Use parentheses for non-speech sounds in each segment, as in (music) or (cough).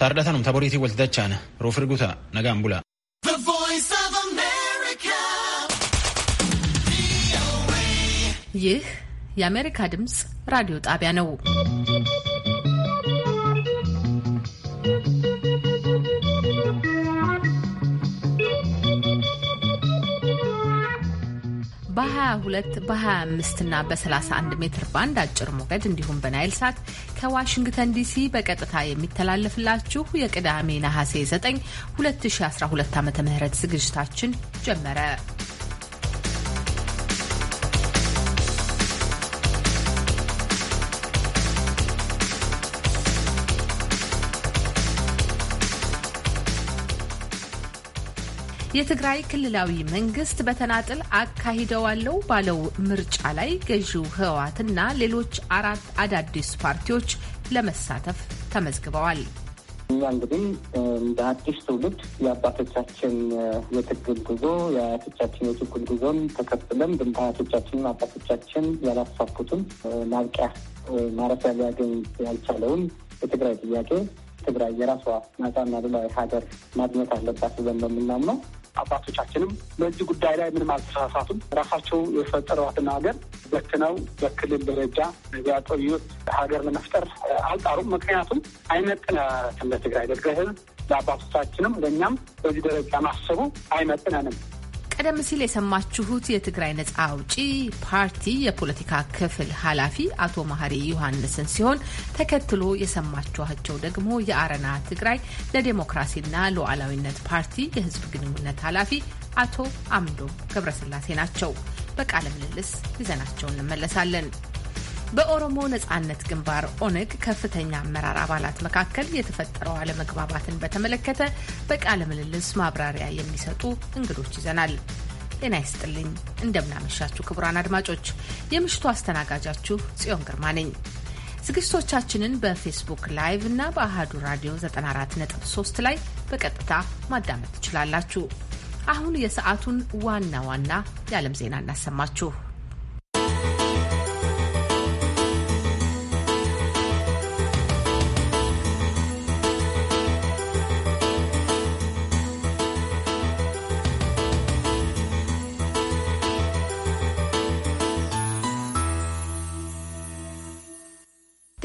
ታርዳታኑም ታቦሪቲ ወልትዳቻነ ሮፍርጉታ ነጋም ቡላ ይህ የአሜሪካ ድምፅ ራዲዮ ጣቢያ ነው። በ22 በ25 እና በ31 ሜትር ባንድ አጭር ሞገድ እንዲሁም በናይል ሳት ከዋሽንግተን ዲሲ በቀጥታ የሚተላለፍላችሁ የቅዳሜ ነሐሴ 9 2012 ዓ ም ዝግጅታችን ጀመረ። የትግራይ ክልላዊ መንግስት በተናጥል አካሂደዋለው ባለው ምርጫ ላይ ገዢው ህወሓትና ሌሎች አራት አዳዲስ ፓርቲዎች ለመሳተፍ ተመዝግበዋል። እኛ እንግዲህ እንደ አዲስ ትውልድ የአባቶቻችን የትግል ጉዞ የአያቶቻችን የትግል ጉዞን ተከትለን ግን አባቶቻችን ያላሳኩትን ማብቂያ ማረፊያ ሊያገኝ ያልቻለውን የትግራይ ጥያቄ ትግራይ የራሷ ነጻና ሉዓላዊ ሀገር ማግኘት አለባት ብለን ነው የምናምነው። አባቶቻችንም በዚህ ጉዳይ ላይ ምንም አልተሳሳቱም። ራሳቸው የፈጠሯትን ሀገር በትነው በክልል ደረጃ ያቆዩት ሀገር ለመፍጠር አልጣሩም። ምክንያቱም አይመጥናትም ለትግራይ ለትግራይ ህዝብ ለአባቶቻችንም ለእኛም በዚህ ደረጃ ማሰቡ አይመጥነንም። ቀደም ሲል የሰማችሁት የትግራይ ነጻ አውጪ ፓርቲ የፖለቲካ ክፍል ኃላፊ አቶ መሀሪ ዮሐንስን ሲሆን ተከትሎ የሰማችኋቸው ደግሞ የአረና ትግራይ ለዴሞክራሲና ሉዓላዊነት ፓርቲ የህዝብ ግንኙነት ኃላፊ አቶ አምዶ ገብረስላሴ ናቸው። በቃለ ምልልስ ይዘናቸው እንመለሳለን። በኦሮሞ ነጻነት ግንባር ኦነግ ከፍተኛ አመራር አባላት መካከል የተፈጠረው አለመግባባትን በተመለከተ በቃለ ምልልስ ማብራሪያ የሚሰጡ እንግዶች ይዘናል። ጤና ይስጥልኝ፣ እንደምናመሻችሁ ክቡራን አድማጮች፣ የምሽቱ አስተናጋጃችሁ ጽዮን ግርማ ነኝ። ዝግጅቶቻችንን በፌስቡክ ላይቭ እና በአህዱ ራዲዮ 94.3 ላይ በቀጥታ ማዳመጥ ትችላላችሁ። አሁን የሰዓቱን ዋና ዋና የዓለም ዜና እናሰማችሁ።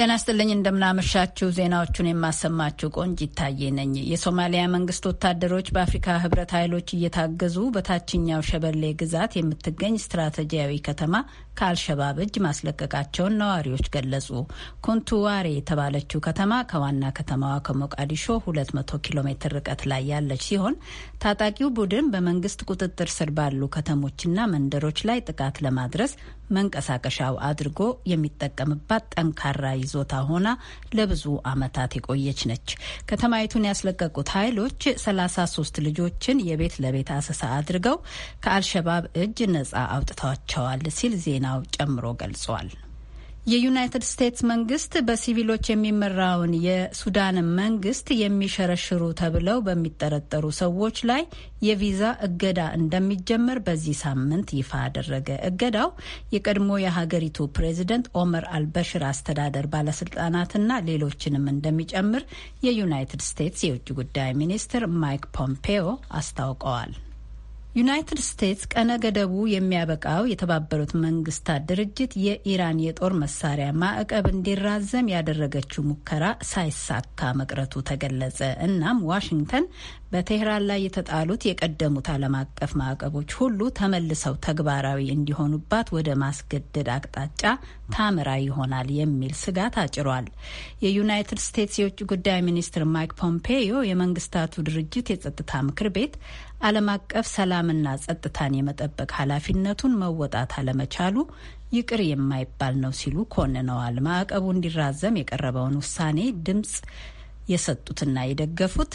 ጤና ስጥልኝ፣ እንደምናመሻችሁ። ዜናዎቹን የማሰማችሁ ቆንጅ ይታየ ነኝ። የሶማሊያ መንግስት ወታደሮች በአፍሪካ ህብረት ኃይሎች እየታገዙ በታችኛው ሸበሌ ግዛት የምትገኝ ስትራቴጂያዊ ከተማ ከአልሸባብ እጅ ማስለቀቃቸውን ነዋሪዎች ገለጹ። ኮንቱዋሬ የተባለችው ከተማ ከዋና ከተማዋ ከሞቃዲሾ 200 ኪሎ ሜትር ርቀት ላይ ያለች ሲሆን ታጣቂው ቡድን በመንግስት ቁጥጥር ስር ባሉ ከተሞችና መንደሮች ላይ ጥቃት ለማድረስ መንቀሳቀሻው አድርጎ የሚጠቀምባት ጠንካራ ይዞታ ሆና ለብዙ ዓመታት የቆየች ነች። ከተማይቱን ያስለቀቁት ኃይሎች 33 ልጆችን የቤት ለቤት አሰሳ አድርገው ከአልሸባብ እጅ ነጻ አውጥተዋቸዋል ሲል ዜናው ጨምሮ ገልጿል። የዩናይትድ ስቴትስ መንግስት በሲቪሎች የሚመራውን የሱዳን መንግስት የሚሸረሽሩ ተብለው በሚጠረጠሩ ሰዎች ላይ የቪዛ እገዳ እንደሚጀመር በዚህ ሳምንት ይፋ አደረገ። እገዳው የቀድሞ የሀገሪቱ ፕሬዚደንት ኦመር አልበሽር አስተዳደር ባለስልጣናትና ሌሎችንም እንደሚጨምር የዩናይትድ ስቴትስ የውጭ ጉዳይ ሚኒስትር ማይክ ፖምፔዮ አስታውቀዋል። ዩናይትድ ስቴትስ ቀነ ገደቡ የሚያበቃው የተባበሩት መንግስታት ድርጅት የኢራን የጦር መሳሪያ ማዕቀብ እንዲራዘም ያደረገችው ሙከራ ሳይሳካ መቅረቱ ተገለጸ። እናም ዋሽንግተን በቴህራን ላይ የተጣሉት የቀደሙት ዓለም አቀፍ ማዕቀቦች ሁሉ ተመልሰው ተግባራዊ እንዲሆኑባት ወደ ማስገደድ አቅጣጫ ታመራ ይሆናል የሚል ስጋት አጭሯል። የዩናይትድ ስቴትስ የውጭ ጉዳይ ሚኒስትር ማይክ ፖምፔዮ የመንግስታቱ ድርጅት የጸጥታ ምክር ቤት ዓለም አቀፍ ሰላምና ጸጥታን የመጠበቅ ኃላፊነቱን መወጣት አለመቻሉ ይቅር የማይባል ነው ሲሉ ኮንነዋል። ማዕቀቡ እንዲራዘም የቀረበውን ውሳኔ ድምጽ የሰጡትና የደገፉት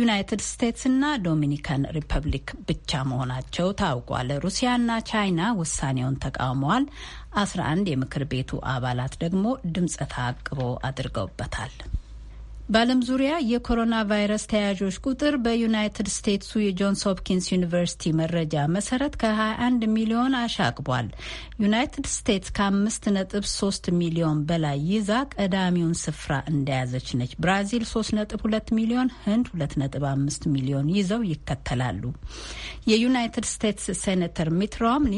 ዩናይትድ ስቴትስና ዶሚኒካን ሪፐብሊክ ብቻ መሆናቸው ታውቋል። ሩሲያና ቻይና ውሳኔውን ተቃውመዋል። አስራ አንድ የምክር ቤቱ አባላት ደግሞ ድምፀ ተአቅቦ አድርገውበታል። በዓለም ዙሪያ የኮሮና ቫይረስ ተያዦች ቁጥር በዩናይትድ ስቴትሱ የጆንስ ሆፕኪንስ ዩኒቨርሲቲ መረጃ መሰረት ከ21 ሚሊዮን አሻቅቧል። ዩናይትድ ስቴትስ ከ5.3 ሚሊዮን በላይ ይዛ ቀዳሚውን ስፍራ እንደያዘች ነች። ብራዚል 3.2 ሚሊዮን፣ ህንድ 2.5 ሚሊዮን ይዘው ይከተላሉ። የዩናይትድ ስቴትስ ሴኔተር ሚት ሮምኒ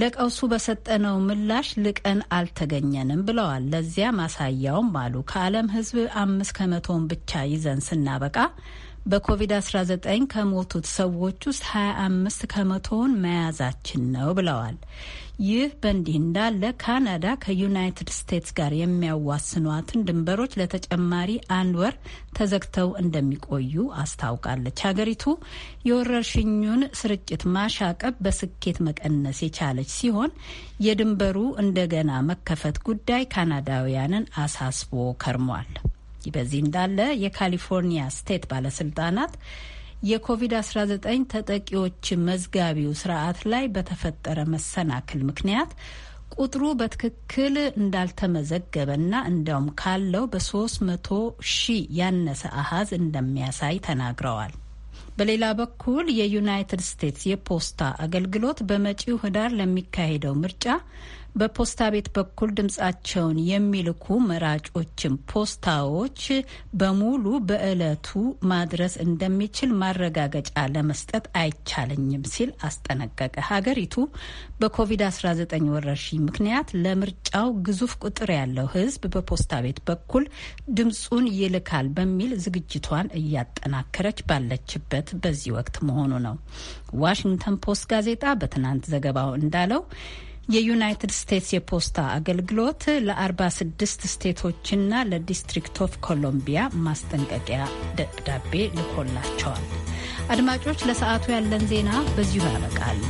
ለቀውሱ በሰጠነው ምላሽ ልቀን አልተገኘንም ብለዋል። ለዚያ ማሳያውም አሉ ከዓለም ሕዝብ አምስት ከመቶውን ብቻ ይዘን ስናበቃ በኮቪድ-19 ከሞቱት ሰዎች ውስጥ 25 ከመቶውን መያዛችን ነው ብለዋል። ይህ በእንዲህ እንዳለ ካናዳ ከዩናይትድ ስቴትስ ጋር የሚያዋስኗትን ድንበሮች ለተጨማሪ አንድ ወር ተዘግተው እንደሚቆዩ አስታውቃለች። ሀገሪቱ የወረርሽኙን ስርጭት ማሻቀብ በስኬት መቀነስ የቻለች ሲሆን የድንበሩ እንደገና መከፈት ጉዳይ ካናዳውያንን አሳስቦ ከርሟል። በዚህ እንዳለ የካሊፎርኒያ ስቴት ባለስልጣናት የኮቪድ-19 ተጠቂዎች መዝጋቢው ስርዓት ላይ በተፈጠረ መሰናክል ምክንያት ቁጥሩ በትክክል እንዳልተመዘገበና እንዲያውም ካለው በ300 ሺህ ያነሰ አሃዝ እንደሚያሳይ ተናግረዋል። በሌላ በኩል የዩናይትድ ስቴትስ የፖስታ አገልግሎት በመጪው ህዳር ለሚካሄደው ምርጫ በፖስታ ቤት በኩል ድምጻቸውን የሚልኩ መራጮችን ፖስታዎች በሙሉ በዕለቱ ማድረስ እንደሚችል ማረጋገጫ ለመስጠት አይቻለኝም ሲል አስጠነቀቀ። ሀገሪቱ በኮቪድ-19 ወረርሽኝ ምክንያት ለምርጫው ግዙፍ ቁጥር ያለው ሕዝብ በፖስታ ቤት በኩል ድምፁን ይልካል በሚል ዝግጅቷን እያጠናከረች ባለችበት በዚህ ወቅት መሆኑ ነው። ዋሽንግተን ፖስት ጋዜጣ በትናንት ዘገባው እንዳለው የዩናይትድ ስቴትስ የፖስታ አገልግሎት ለ46 ስቴቶችና ለዲስትሪክት ኦፍ ኮሎምቢያ ማስጠንቀቂያ ደብዳቤ ልኮላቸዋል። አድማጮች፣ ለሰዓቱ ያለን ዜና በዚሁ ያበቃል።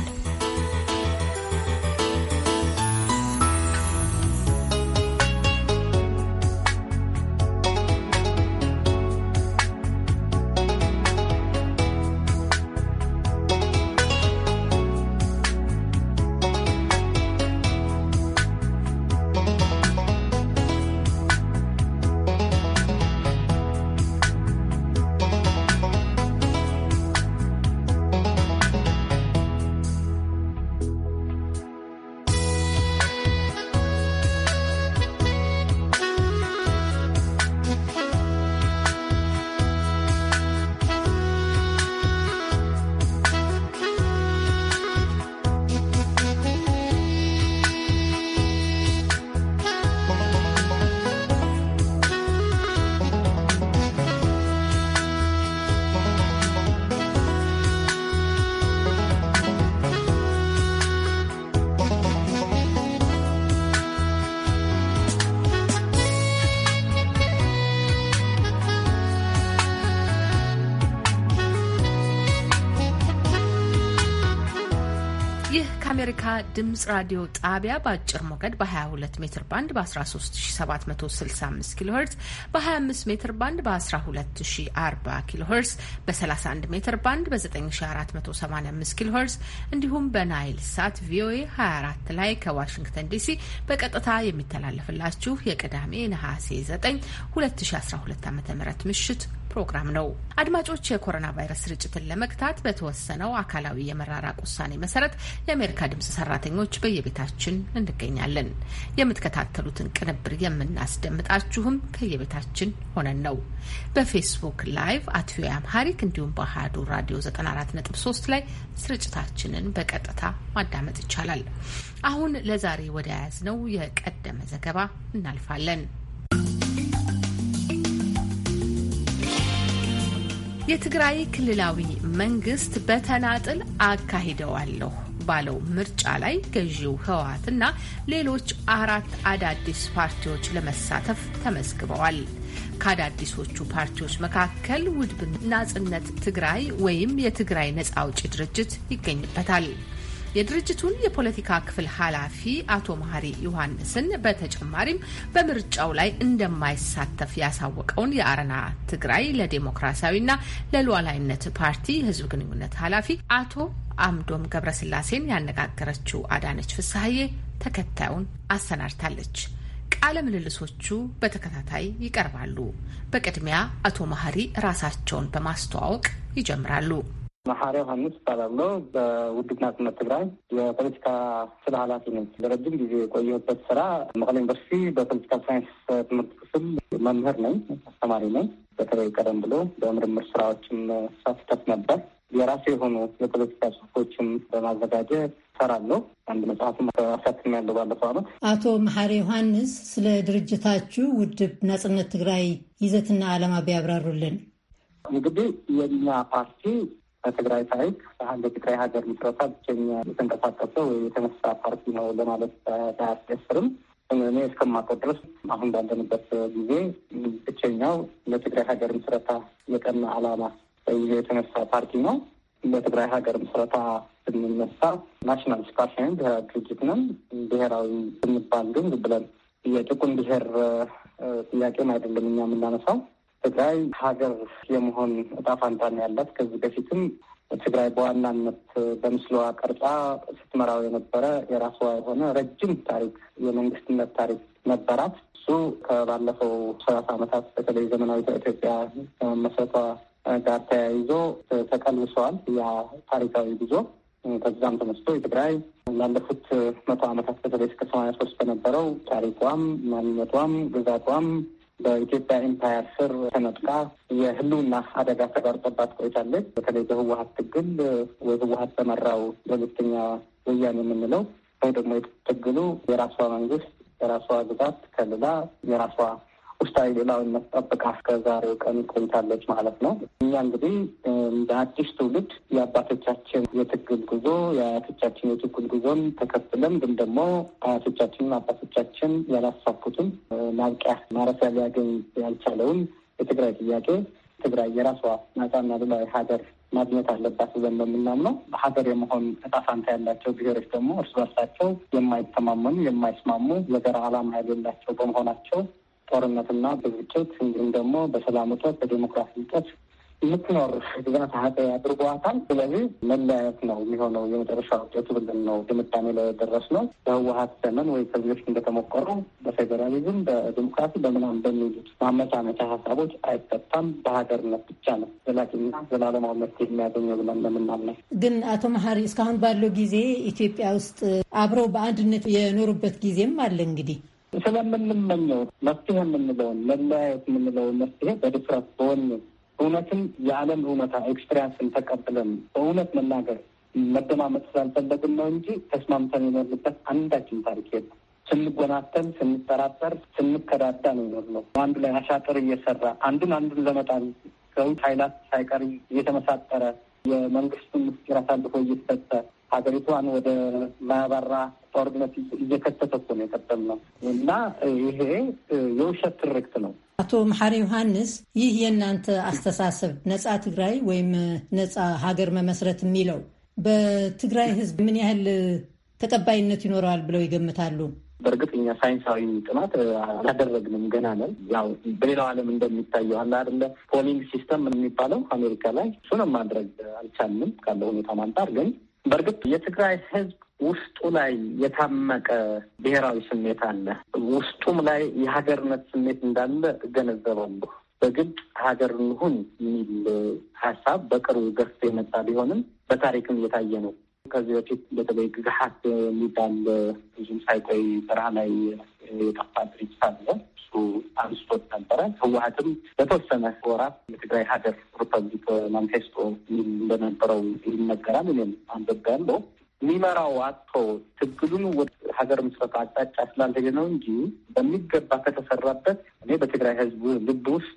ድምፅ ራዲዮ ጣቢያ በአጭር ሞገድ በ22 ሜትር ባንድ በ13765 ኪሎ ሄርዝ በ25 ሜትር ባንድ በ1240 ኪሎ ሄርዝ በ31 ሜትር ባንድ በ9485 ኪሎ ሄርዝ እንዲሁም በናይል ሳት ቪኦኤ 24 ላይ ከዋሽንግተን ዲሲ በቀጥታ የሚተላለፍላችሁ የቅዳሜ ነሐሴ 9 2012 ዓ ም ምሽት ፕሮግራም ነው። አድማጮች፣ የኮሮና ቫይረስ ስርጭትን ለመግታት በተወሰነው አካላዊ የመራራቅ ውሳኔ መሰረት የአሜሪካ ድምጽ ሰራተኞች በየቤታችን እንገኛለን። የምትከታተሉትን ቅንብር የምናስደምጣችሁም ከየቤታችን ሆነን ነው። በፌስቡክ ላይቭ አት ቪኦኤ አምሃሪክ እንዲሁም በአሀዱ ራዲዮ 94.3 ላይ ስርጭታችንን በቀጥታ ማዳመጥ ይቻላል። አሁን ለዛሬ ወደ ያዝነው የቀደመ ዘገባ እናልፋለን። የትግራይ ክልላዊ መንግስት በተናጥል አካሂደዋለሁ ባለው ምርጫ ላይ ገዢው ህወሓትና ሌሎች አራት አዳዲስ ፓርቲዎች ለመሳተፍ ተመዝግበዋል። ከአዳዲሶቹ ፓርቲዎች መካከል ውድብ ናጽነት ትግራይ ወይም የትግራይ ነጻ አውጪ ድርጅት ይገኝበታል። የድርጅቱን የፖለቲካ ክፍል ኃላፊ አቶ መሀሪ ዮሐንስን በተጨማሪም በምርጫው ላይ እንደማይሳተፍ ያሳወቀውን የአረና ትግራይ ለዴሞክራሲያዊና ለሉዓላዊነት ፓርቲ ህዝብ ግንኙነት ኃላፊ አቶ አምዶም ገብረስላሴን ያነጋገረችው አዳነች ፍስሀዬ ተከታዩን አሰናድታለች። ቃለ ምልልሶቹ በተከታታይ ይቀርባሉ። በቅድሚያ አቶ መሀሪ ራሳቸውን በማስተዋወቅ ይጀምራሉ። መሐሪ ዮሐንስ እባላለሁ። በውድብና ጽነት ትግራይ የፖለቲካ ስለ ኃላፊ ነኝ። ለረጅም ጊዜ የቆየሁበት ስራ መቀለ ዩኒቨርሲቲ በፖለቲካ ሳይንስ ትምህርት ክፍል መምህር ነኝ፣ አስተማሪ ነኝ። በተለይ ቀደም ብሎ በምርምር ስራዎችም ሳስተፍ ነበር። የራሱ የሆኑ የፖለቲካ ጽሁፎችም በማዘጋጀት ሰራለሁ። አንድ መጽሐፍም አሳትም ያለው ባለፈው ዓመት። አቶ መሐሪ ዮሐንስ ስለ ድርጅታችሁ ውድብ ናጽነት ትግራይ ይዘትና ዓላማ ቢያብራሩልን። እንግዲህ የኛ ፓርቲ በትግራይ ሳይት በትግራይ ሀገር ምስረታ ብቸኛ የተንቀሳቀሰ ወይ የተነሳ ፓርቲ ነው ለማለት ባያስደፍርም እኔ እስከማውቀው ድረስ አሁን ባለንበት ጊዜ ብቸኛው ለትግራይ ሀገር ምስረታ የቀና ዓላማ ይዞ የተነሳ ፓርቲ ነው። ለትግራይ ሀገር ምስረታ ስንነሳ ናሽናል ስፓሽን ብሔራዊ ድርጅት ነን። ብሔራዊ ስንባል ግን ብለን የጥቁን ብሔር ጥያቄን አይደለም እኛ የምናነሳው ትግራይ ሀገር የመሆን እጣ ያላት። ከዚህ በፊትም ትግራይ በዋናነት በምስሏ ቀርጻ ስትመራው የነበረ የራሷ የሆነ ረጅም ታሪክ የመንግስትነት ታሪክ ነበራት። እሱ ከባለፈው ሰላሳ ዓመታት በተለይ ዘመናዊ ኢትዮጵያ መሰረቷ ጋር ተያይዞ ተቀልብሰዋል። ያ ታሪካዊ ጉዞ ከዛም ተነስቶ የትግራይ ላለፉት መቶ ዓመታት በተለይ እስከ ሰማንያ ሶስት በነበረው ታሪኳም፣ ማንነቷም፣ ግዛቷም በኢትዮጵያ ኤምፓየር ስር ተነጥቃ የህልውና አደጋ ተጋርጦባት ቆይታለች። በተለይ በህወሀት ትግል በህወሀት በመራው በሁለተኛ ወያኔ የምንለው ወይ ደግሞ ትግሉ የራሷ መንግስት የራሷ ግዛት ከልላ የራሷ ውስጣዊ ሌላዊ መጠበቅ እስከዛሬው ቀን ቆይታለች ማለት ነው። እኛ እንግዲህ እንደ አዲስ ትውልድ የአባቶቻችን የትግል ጉዞ የአያቶቻችን የትግል ጉዞን ተከትለን ግን ደግሞ አያቶቻችንን አባቶቻችን ያላሳኩትን ማብቂያ ማረፊያ ሊያገኝ ያልቻለውን የትግራይ ጥያቄ ትግራይ የራሷ ነጻና ሉዓላዊ ሀገር ማግኘት አለባት ብለን ነው የምናምነው። ሀገር የመሆን እጣ ፈንታ ያላቸው ብሔሮች ደግሞ እርስ በርሳቸው የማይተማመኑ የማይስማሙ የጋራ ዓላማ የሌላቸው በመሆናቸው ጦርነትና በግጭት እንዲሁም ደግሞ በሰላም እጦት በዴሞክራሲ እጦት የምትኖር ግዛት ሀገ አድርጓታል። ስለዚህ መለያየት ነው የሚሆነው የመጨረሻ ውጤቱ ብለን ነው ድምዳሜ ላይ ደረስ ነው። በህወሀት ዘመን ወይ ከዚዎች እንደተሞከረው በፌዴራሊዝም፣ በዲሞክራሲ፣ በምናም በሚሉት ማመቻመቻ ሀሳቦች አይፈታም። በሀገርነት ብቻ ነው ዘላቂና ዘላለማዊ መፍትሄ የሚያገኘው ብለን ለምናምነው። ግን አቶ መሀሪ እስካሁን ባለው ጊዜ ኢትዮጵያ ውስጥ አብረው በአንድነት የኖሩበት ጊዜም አለ እንግዲህ ስለምንመኘው መፍትሄ የምንለውን መለያየት የምንለውን መፍትሄ በድፍረት በሆን እውነትን የዓለም እውነታ ኤክስፔሪንስን ተቀብለን በእውነት መናገር መደማመጥ ስላልፈለግን ነው እንጂ ተስማምተን የኖርንበት አንዳችን ታሪክ የለም። ስንጎናተን፣ ስንጠራጠር፣ ስንከዳዳ ነው የኖርነው። አንዱ ላይ አሻጥር እየሰራ አንዱን አንዱን ለመጣል ከውጭ ኃይላት ሳይቀር እየተመሳጠረ የመንግስቱን ምስጢር አሳልፎ እየተሰጠ ሀገሪቷን ወደ ማያባራ ጦርነት እየከተተ እኮ ነው የቀጠል ነው እና ይሄ የውሸት ትርክት ነው። አቶ መሐሪ ዮሐንስ፣ ይህ የእናንተ አስተሳሰብ ነፃ ትግራይ ወይም ነፃ ሀገር መመስረት የሚለው በትግራይ ህዝብ ምን ያህል ተቀባይነት ይኖረዋል ብለው ይገምታሉ? በእርግጥ እኛ ሳይንሳዊ ጥናት አላደረግንም፣ ገና ነን። ያው በሌላው ዓለም እንደሚታየው አለ አይደለ ፖሊንግ ሲስተም የሚባለው አሜሪካ ላይ እሱንም ማድረግ አልቻልንም ካለ ሁኔታ ማንጣር ግን በእርግጥ የትግራይ ህዝብ ውስጡ ላይ የታመቀ ብሔራዊ ስሜት አለ። ውስጡም ላይ የሀገርነት ስሜት እንዳለ እገነዘባለሁ። በግድ ሀገር እንሁን የሚል ሀሳብ በቅርቡ ገፍ የመጣ ቢሆንም በታሪክም እየታየ ነው። ከዚህ በፊት በተለይ ግግሓት የሚባል ብዙም ሳይቆይ በረሃ ላይ የጠፋ ድርጅት አለ። አንስቶት ነበረ። ህወሀትም በተወሰነ ወራት የትግራይ ሀገር ሪፐብሊክ ማኒፌስቶ እንደነበረው ይነገራል። እኔም አንበብ ያለው የሚመራው አቶ ትግሉን ወደ ሀገር ምስረት አቅጣጫ ስላልሄደ ነው እንጂ በሚገባ ከተሰራበት እኔ በትግራይ ህዝብ ልብ ውስጥ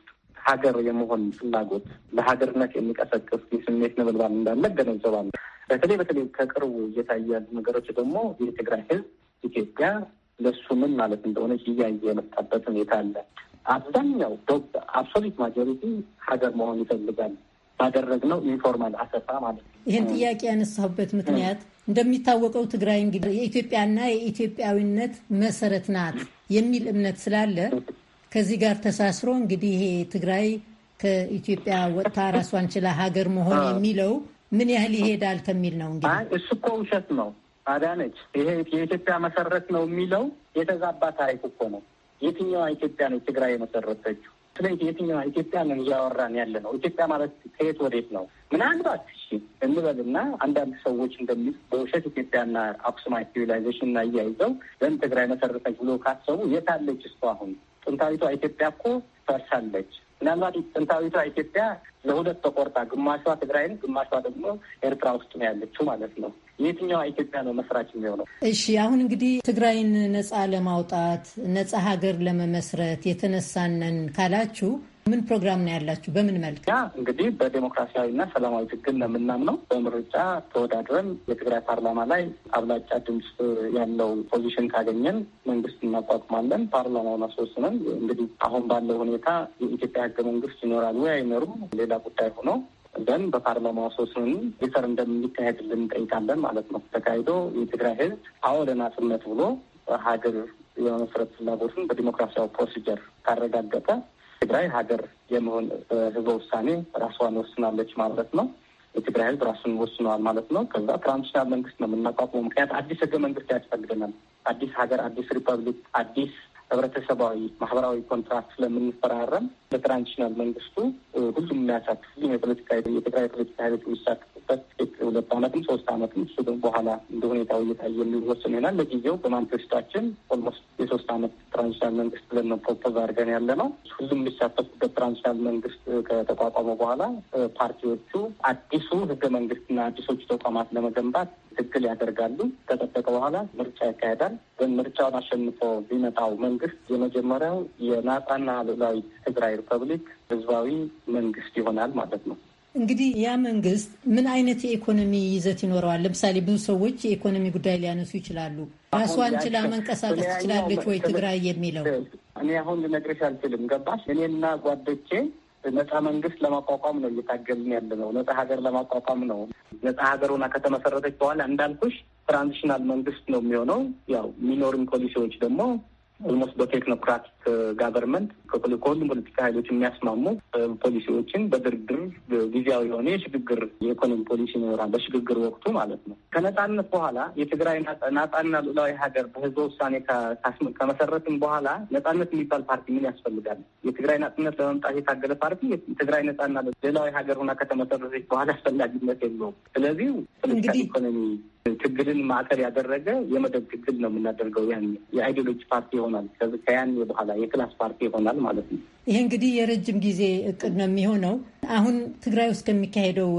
ሀገር የመሆን ፍላጎት ለሀገርነት የሚቀሰቅስ የስሜት ነበልባል እንዳለ ገነዘባለሁ። በተለይ በተለይ ከቅርቡ እየታያሉ ነገሮች ደግሞ የትግራይ ህዝብ ኢትዮጵያ ለሱ ምን ማለት እንደሆነች እያየ የመጣበት ሁኔታ አለ። አብዛኛው አብሶሊት ማጆሪቲ ሀገር መሆን ይፈልጋል። ባደረግነው ኢንፎርማል አሰሳ ማለት ነው። ይህን ጥያቄ ያነሳሁበት ምክንያት እንደሚታወቀው ትግራይ እንግዲህ የኢትዮጵያና የኢትዮጵያዊነት መሰረት ናት የሚል እምነት ስላለ ከዚህ ጋር ተሳስሮ እንግዲህ ይሄ ትግራይ ከኢትዮጵያ ወጥታ ራሷን ችላ ሀገር መሆን የሚለው ምን ያህል ይሄዳል ከሚል ነው። እንግዲህ እሱ እኮ ውሸት ነው። አዳነች ይሄ የኢትዮጵያ መሰረት ነው የሚለው የተዛባ ታሪክ እኮ ነው። የትኛዋ ኢትዮጵያ ነው ትግራይ የመሰረተችው? ስለ የትኛዋ ኢትዮጵያ ነው እያወራን ያለ ነው? ኢትዮጵያ ማለት ከየት ወዴት ነው? ምናልባት እሺ እንበልና አንዳንድ ሰዎች እንደሚል በውሸት ኢትዮጵያና አክሱማ ሲቪላይዜሽን እና እያይዘው ለምን ትግራይ መሰረተች ብሎ ካሰቡ የታለች እስከ አሁን ጥንታዊቷ ኢትዮጵያ እኮ ፈርሳለች። ምናልባት ጥንታዊቷ ኢትዮጵያ ለሁለት ተቆርጣ ግማሿ ትግራይን ግማሿ ደግሞ ኤርትራ ውስጥ ነው ያለችው ማለት ነው። የትኛዋ ኢትዮጵያ ነው መስራች የሚሆነው? እሺ አሁን እንግዲህ ትግራይን ነፃ ለማውጣት ነፃ ሀገር ለመመስረት የተነሳነን ካላችሁ ምን ፕሮግራም ነው ያላችሁ? በምን መልክ? እንግዲህ በዴሞክራሲያዊና ሰላማዊ ትግል ነው የምናምነው። በምርጫ ተወዳድረን የትግራይ ፓርላማ ላይ አብላጫ ድምፅ ያለው ፖዚሽን ካገኘን መንግስት እናቋቁማለን። ፓርላማውን አስወስነን እንግዲህ አሁን ባለው ሁኔታ የኢትዮጵያ ህገ መንግስት ይኖራል ወይ አይኖሩም ሌላ ጉዳይ ሆኖ ዘን በፓርላማ ሶስን ሪፈር እንደሚካሄድልን እንጠይቃለን ማለት ነው። ተካሂዶ የትግራይ ህዝብ አዎ ለናጽነት ብሎ ሀገር የመመስረት ፍላጎትን በዲሞክራሲያዊ ፕሮሲጀር ካረጋገጠ ትግራይ ሀገር የመሆን ህዝበ ውሳኔ ራሷን ወስናለች ማለት ነው። የትግራይ ህዝብ ራሱን ወስነዋል ማለት ነው። ከዛ ትራንዚሽናል መንግስት ነው የምናቋቁመው። ምክንያት አዲስ ህገ መንግስት ያስፈልገናል። አዲስ ሀገር፣ አዲስ ሪፐብሊክ፣ አዲስ ህብረተሰባዊ፣ ማህበራዊ ኮንትራክት ስለምንፈራረም በትራንዚሽናል መንግስቱ ሁሉም የሚያሳትፍ የፖለቲካ የትግራይ ፖለቲካ ኃይሎች የሚሳትፉበት ሁለት አመትም ሶስት አመትም እሱ ግን በኋላ እንደ ሁኔታው እየታየ የሚወስን ይሆናል። ለጊዜው በማንፌስቶችን ኦልሞስት የሶስት አመት ትራንዚሽናል መንግስት ብለን ነው ፕሮፖዝ አድርገን ያለ ነው። ሁሉም የሚሳተፉበት ትራንዚሽናል መንግስት ከተቋቋመ በኋላ ፓርቲዎቹ አዲሱ ህገ መንግስትና አዲሶቹ ተቋማት ለመገንባት ትክክል ያደርጋሉ። ከጠበቀ በኋላ ምርጫ ይካሄዳል። ምርጫውን አሸንፎ ቢመጣው መንግስት የመጀመሪያው የናጣና ሉዓላዊት ትግራይ ሪፐብሊክ ህዝባዊ መንግስት ይሆናል ማለት ነው። እንግዲህ ያ መንግስት ምን አይነት የኢኮኖሚ ይዘት ይኖረዋል? ለምሳሌ ብዙ ሰዎች የኢኮኖሚ ጉዳይ ሊያነሱ ይችላሉ። ራሷን ችላ መንቀሳቀስ ትችላለች ወይ ትግራይ የሚለው እኔ አሁን ልነግርሽ አልችልም። ገባሽ? እኔና ጓዶቼ ነጻ መንግስት ለማቋቋም ነው እየታገልን ያለ ነው። ነጻ ሀገር ለማቋቋም ነው። ነጻ ሀገር ሆና ከተመሰረተች በኋላ እንዳልኩሽ ትራንዚሽናል መንግስት ነው የሚሆነው። ያው ሚኖሪን ፖሊሲዎች ደግሞ ኦልሞስት በቴክኖክራቲክ ጋቨርንመንት ከሁሉም ፖለቲካ ኃይሎች የሚያስማሙ ፖሊሲዎችን በድርድር ጊዜያዊ የሆነ የሽግግር የኢኮኖሚ ፖሊሲ ይኖራል። በሽግግር ወቅቱ ማለት ነው። ከነጻነት በኋላ የትግራይ ናጣና ሉዓላዊ ሀገር በህዝበ ውሳኔ ከመሰረትም በኋላ ነጻነት የሚባል ፓርቲ ምን ያስፈልጋል? የትግራይ ናጽነት ለመምጣት የታገለ ፓርቲ የትግራይ ነጻና ሉዓላዊ ሀገር ሆና ከተመሰረተች በኋላ አስፈላጊነት የለውም። ስለዚህ ፖለቲካ ኢኮኖሚ ትግልን ማዕከል ያደረገ የመደብ ትግል ነው የምናደርገው ያን የአይዲዮሎጂ ፓርቲ ይሆናል። ከያን በኋላ የክላስ ፓርቲ ይሆናል ማለት ነው። ይሄ እንግዲህ የረጅም ጊዜ እቅድ ነው የሚሆነው። አሁን ትግራይ ውስጥ ከሚካሄደው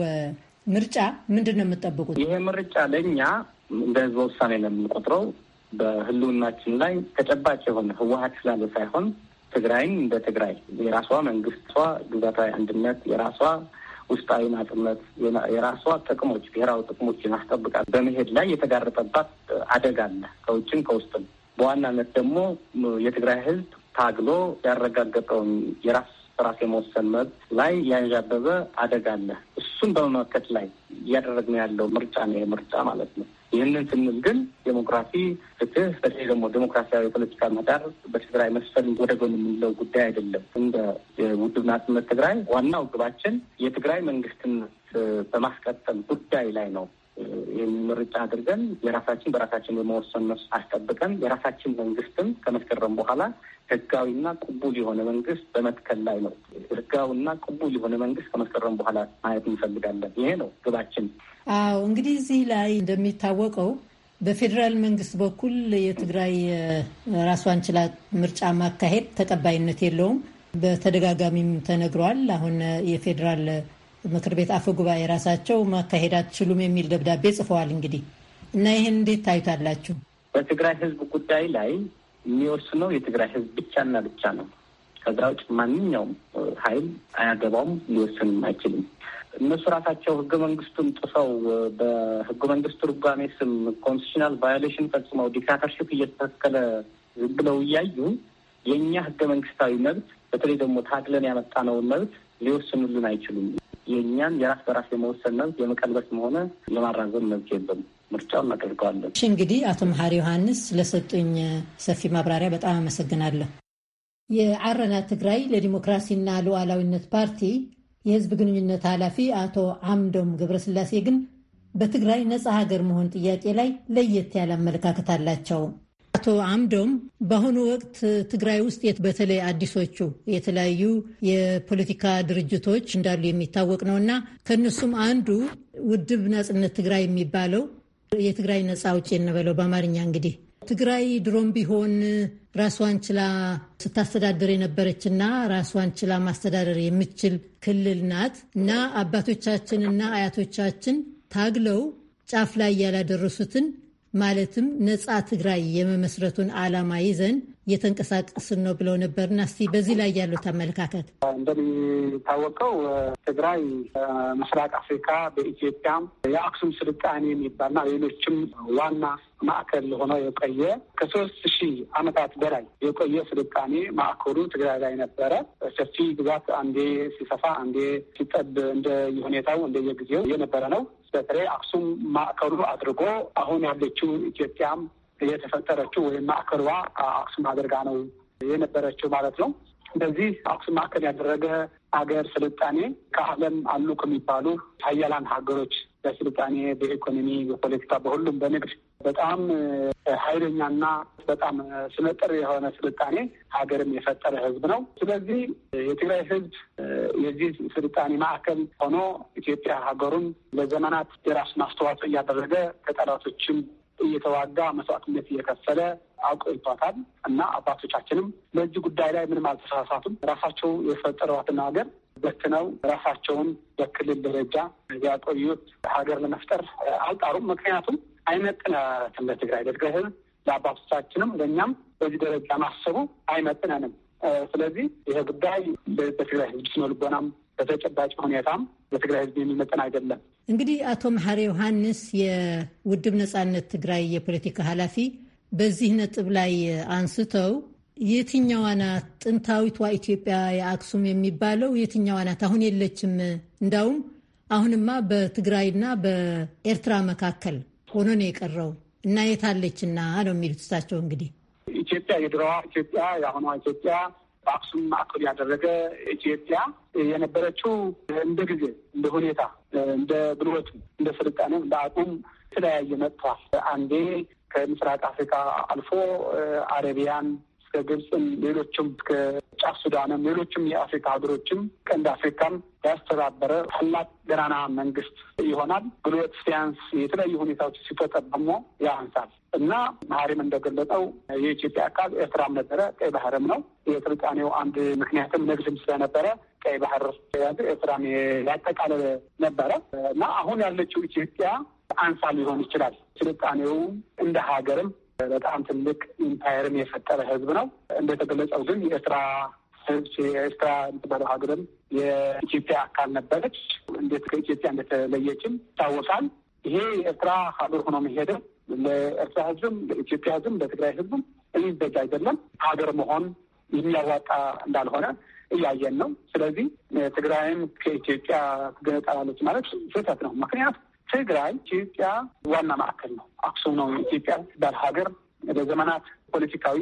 ምርጫ ምንድን ነው የምጠብቁት? ይሄ ምርጫ ለእኛ እንደ ህዝበ ውሳኔ ነው የምንቆጥረው። በህልውናችን ላይ ተጨባጭ የሆነ ህወሀት ስላለ ሳይሆን ትግራይን እንደ ትግራይ የራሷ መንግስቷ ግዛታዊ አንድነት የራሷ ውስጣዊ ናጽነት የራሷ ጥቅሞች ብሔራዊ ጥቅሞችን አስጠብቃ በመሄድ ላይ የተጋረጠባት አደጋ አለ ከውጭም ከውስጥም በዋናነት ደግሞ የትግራይ ህዝብ ታግሎ ያረጋገጠውን የራስ ራስ የመወሰን መብት ላይ ያንዣበበ አደጋ አለ። እሱን በመመከት ላይ እያደረግነው ያለው ምርጫ ነው፣ ምርጫ ማለት ነው። ይህንን ስንል ግን ዴሞክራሲ፣ ፍትህ፣ በተለይ ደግሞ ዴሞክራሲያዊ የፖለቲካ መዳር በትግራይ መስፈን ወደ ጎን የምንለው ጉዳይ አይደለም። እንደ ውድብ ናጽነት ትግራይ ዋናው ግባችን የትግራይ መንግስትን በማስቀጠል ጉዳይ ላይ ነው ምርጫ አድርገን የራሳችን በራሳችን በመወሰን መስ አስጠብቀን የራሳችን መንግስትም ከመስከረም በኋላ ህጋዊና ቅቡል የሆነ መንግስት በመትከል ላይ ነው። ህጋዊና ቅቡል የሆነ መንግስት ከመስከረም በኋላ ማየት እንፈልጋለን። ይሄ ነው ግባችን። አዎ እንግዲህ እዚህ ላይ እንደሚታወቀው በፌዴራል መንግስት በኩል የትግራይ ራሷን ችላ ምርጫ ማካሄድ ተቀባይነት የለውም። በተደጋጋሚም ተነግሯል። አሁን የፌዴራል ምክር ቤት አፈ ጉባኤ ራሳቸው ማካሄድ አትችሉም የሚል ደብዳቤ ጽፈዋል። እንግዲህ እና ይህን እንዴት ታዩታላችሁ? በትግራይ ህዝብ ጉዳይ ላይ የሚወስነው የትግራይ ህዝብ ብቻና ብቻ ነው። ከዛ ውጭ ማንኛውም ኃይል አያገባውም፣ ሊወስንም አይችልም። እነሱ ራሳቸው ህገ መንግስቱን ጥሰው በህገ መንግስቱ ርጓሜ ስም ኮንስቲቱሽናል ቫዮሌሽን ፈጽመው ዲክታተርሽፕ እየተተከለ ዝም ብለው እያዩ የእኛ ህገ መንግስታዊ መብት በተለይ ደግሞ ታግለን ያመጣነውን መብት ሊወስኑልን አይችሉም። የእኛን የራስ በራስ የመወሰን መብት የመቀልበስ መሆነ የማራዘም መብት የለም። ምርጫው እናደርገዋለን። እሺ እንግዲህ አቶ መሀሪ ዮሐንስ ስለሰጡኝ ሰፊ ማብራሪያ በጣም አመሰግናለሁ። የአረና ትግራይ ለዲሞክራሲና ሉዓላዊነት ፓርቲ የህዝብ ግንኙነት ኃላፊ አቶ አምዶም ገብረስላሴ ግን በትግራይ ነፃ ሀገር መሆን ጥያቄ ላይ ለየት ያለ አመለካከት አላቸው። አቶ አምዶም በአሁኑ ወቅት ትግራይ ውስጥ በተለይ አዲሶቹ የተለያዩ የፖለቲካ ድርጅቶች እንዳሉ የሚታወቅ ነው እና ከእነሱም አንዱ ውድብ ናጽነት ትግራይ የሚባለው የትግራይ ነፃ አውጪ እንበለው በአማርኛ እንግዲህ ትግራይ ድሮም ቢሆን ራሷን ችላ ስታስተዳደር የነበረችና ራሷን ችላ ማስተዳደር የምትችል ክልል ናት እና አባቶቻችንና አያቶቻችን ታግለው ጫፍ ላይ ያላደረሱትን ማለትም ነፃ ትግራይ የመመስረቱን ዓላማ ይዘን እየተንቀሳቀስን ነው ብለው ነበርና እስቲ በዚህ ላይ ያሉት አመለካከት። እንደሚታወቀው ትግራይ ምስራቅ አፍሪካ በኢትዮጵያም የአክሱም ስልጣኔ የሚባልና ሌሎችም ዋና ማዕከል ሆኖ የቆየ ከሶስት ሺህ ዓመታት በላይ የቆየ ስልጣኔ ማዕከሉ ትግራይ ላይ ነበረ። ሰፊ ግዛት አንዴ ሲሰፋ አንዴ ሲጠብ እንደየሁኔታው እንደየጊዜው የነበረ ነው። በተለይ አክሱም ማዕከሉ አድርጎ አሁን ያለችው ኢትዮጵያም የተፈጠረችው ወይም ማዕከሏ አክሱም አድርጋ ነው የነበረችው ማለት ነው። እንደዚህ አክሱም ማዕከል ያደረገ ሀገር ስልጣኔ ከዓለም አሉ ከሚባሉ ሀያላን ሀገሮች በስልጣኔ፣ በኢኮኖሚ፣ በፖለቲካ፣ በሁሉም በንግድ በጣም ኃይለኛና በጣም ስመጥር የሆነ ስልጣኔ ሀገርም የፈጠረ ህዝብ ነው። ስለዚህ የትግራይ ህዝብ የዚህ ስልጣኔ ማዕከል ሆኖ ኢትዮጵያ ሀገሩን ለዘመናት የራሱን አስተዋጽኦ እያደረገ ከጠላቶችም እየተዋጋ መስዋዕትነት እየከፈለ አቆይቷታል እና አባቶቻችንም በዚህ ጉዳይ ላይ ምንም አልተሳሳቱም። ራሳቸው የፈጠሯትን ሀገር በትነው ራሳቸውን በክልል ደረጃ ያቆዩት ሀገር ለመፍጠር አልጣሩም። ምክንያቱም አይመጥናትም ለትግራይ ለትግራይ ህዝብ ለአባቶቻችንም ለእኛም በዚህ ደረጃ ማሰቡ አይመጥነንም። ስለዚህ ይሄ ጉዳይ በትግራይ ህዝብ ስነ በተጨባጭ ሁኔታም ለትግራይ ህዝብ የሚመጥን አይደለም። እንግዲህ አቶ መሐሪ ዮሐንስ የውድብ ነጻነት ትግራይ የፖለቲካ ኃላፊ በዚህ ነጥብ ላይ አንስተው የትኛዋ ናት ጥንታዊቷ ኢትዮጵያ የአክሱም የሚባለው የትኛዋ ናት? አሁን የለችም። እንዳውም አሁንማ በትግራይና በኤርትራ መካከል ሆኖ ነው የቀረው እና የታለችና ነው የሚሉት እሳቸው እንግዲህ ኢትዮጵያ የድሮዋ ኢትዮጵያ የአሁኗ ኢትዮጵያ በአክሱም ማዕከል ያደረገ ኢትዮጵያ የነበረችው እንደ ጊዜ፣ እንደ ሁኔታ፣ እንደ ብልወቱ፣ እንደ ስልጣኔ፣ እንደ አቁም የተለያየ መጥቷል። አንዴ ከምስራቅ አፍሪካ አልፎ አረቢያን እስከ ግብፅም፣ ሌሎችም እስከ ጫፍ ሱዳንም፣ ሌሎችም የአፍሪካ ሀገሮችም ቀንድ አፍሪካም ያስተባበረ ታላቅ ገናና መንግስት ይሆናል። ጉልበት ሲያንስ የተለያዩ ሁኔታዎች ሲፈጠር ደግሞ ያንሳል እና መሀሪም እንደገለጠው የኢትዮጵያ አካል ኤርትራም ነበረ፣ ቀይ ባህርም ነው። የስልጣኔው አንድ ምክንያትም ንግድም ስለነበረ ቀይ ባህር ያዘ ኤርትራም ያጠቃለለ ነበረ እና አሁን ያለችው ኢትዮጵያ አንሳ ሊሆን ይችላል ስልጣኔው እንደ ሀገርም በጣም ትልቅ ኢምፓየርም የፈጠረ ህዝብ ነው። እንደተገለጸው ግን የኤርትራ ህዝብ የኤርትራ የምትባለው ሀገርም የኢትዮጵያ አካል ነበረች። እንዴት ከኢትዮጵያ እንደተለየችም ይታወሳል። ይሄ የኤርትራ ሀገር ሆኖ መሄድም ለኤርትራ ህዝብም ለኢትዮጵያ ህዝብም ለትግራይ ህዝብም የሚበጅ አይደለም። ሀገር መሆን የሚያዋጣ እንዳልሆነ እያየን ነው። ስለዚህ ትግራይም ከኢትዮጵያ ትገነጠላለች ማለት ስህተት ነው። ምክንያቱ ትግራይ ኢትዮጵያ ዋና ማዕከል ነው። አክሱም ነው ኢትዮጵያ ባል ሀገር ለዘመናት ፖለቲካዊ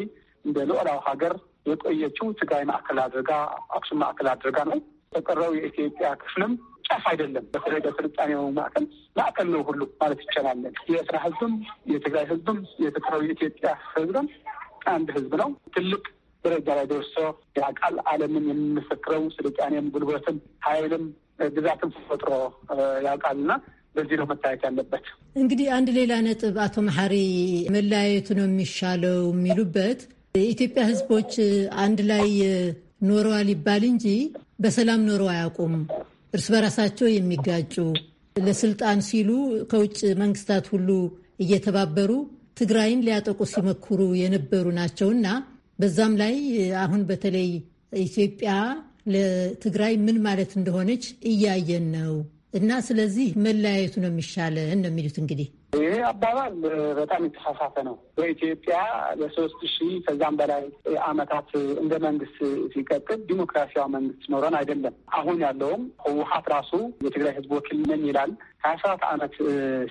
እንደ ልዑላዊ ሀገር የቆየችው ትግራይ ማዕከል አድርጋ አክሱም ማዕከል አድርጋ ነው። የተቀረው የኢትዮጵያ ክፍልም ጫፍ አይደለም። በተለይ በስልጣኔው ማዕከል ማዕከል ነው ሁሉ ማለት ይቻላለን። የኤርትራ ህዝብም የትግራይ ህዝብም የተቀረው የኢትዮጵያ ህዝብም አንድ ህዝብ ነው። ትልቅ ደረጃ ላይ ደርሶ የአቃል ዓለምን የምንመሰክረው ስልጣኔም፣ ጉልበትም፣ ኃይልም ግዛትም ፈጥሮ ያውቃልና በዚህ ነው መታየት ያለበት። እንግዲህ አንድ ሌላ ነጥብ አቶ መሐሪ መለያየቱ ነው የሚሻለው የሚሉበት የኢትዮጵያ ሕዝቦች አንድ ላይ ኖረዋል ይባል እንጂ በሰላም ኖረው አያውቁም። እርስ በራሳቸው የሚጋጩ ለስልጣን ሲሉ ከውጭ መንግስታት ሁሉ እየተባበሩ ትግራይን ሊያጠቁ ሲመክሩ የነበሩ ናቸው እና በዛም ላይ አሁን በተለይ ኢትዮጵያ ለትግራይ ምን ማለት እንደሆነች እያየን ነው እና ስለዚህ መለያየቱ ነው የሚሻለን ነው የሚሉት እንግዲህ ይሄ አባባል በጣም የተሳሳተ ነው። በኢትዮጵያ ለሶስት ሺህ ከዛም በላይ አመታት እንደ መንግስት ሲቀጥል ዲሞክራሲያዊ መንግስት ኖረን አይደለም። አሁን ያለውም ህወሀት ራሱ የትግራይ ህዝብ ወኪል ነኝ ይላል። ሀያ ሰባት አመት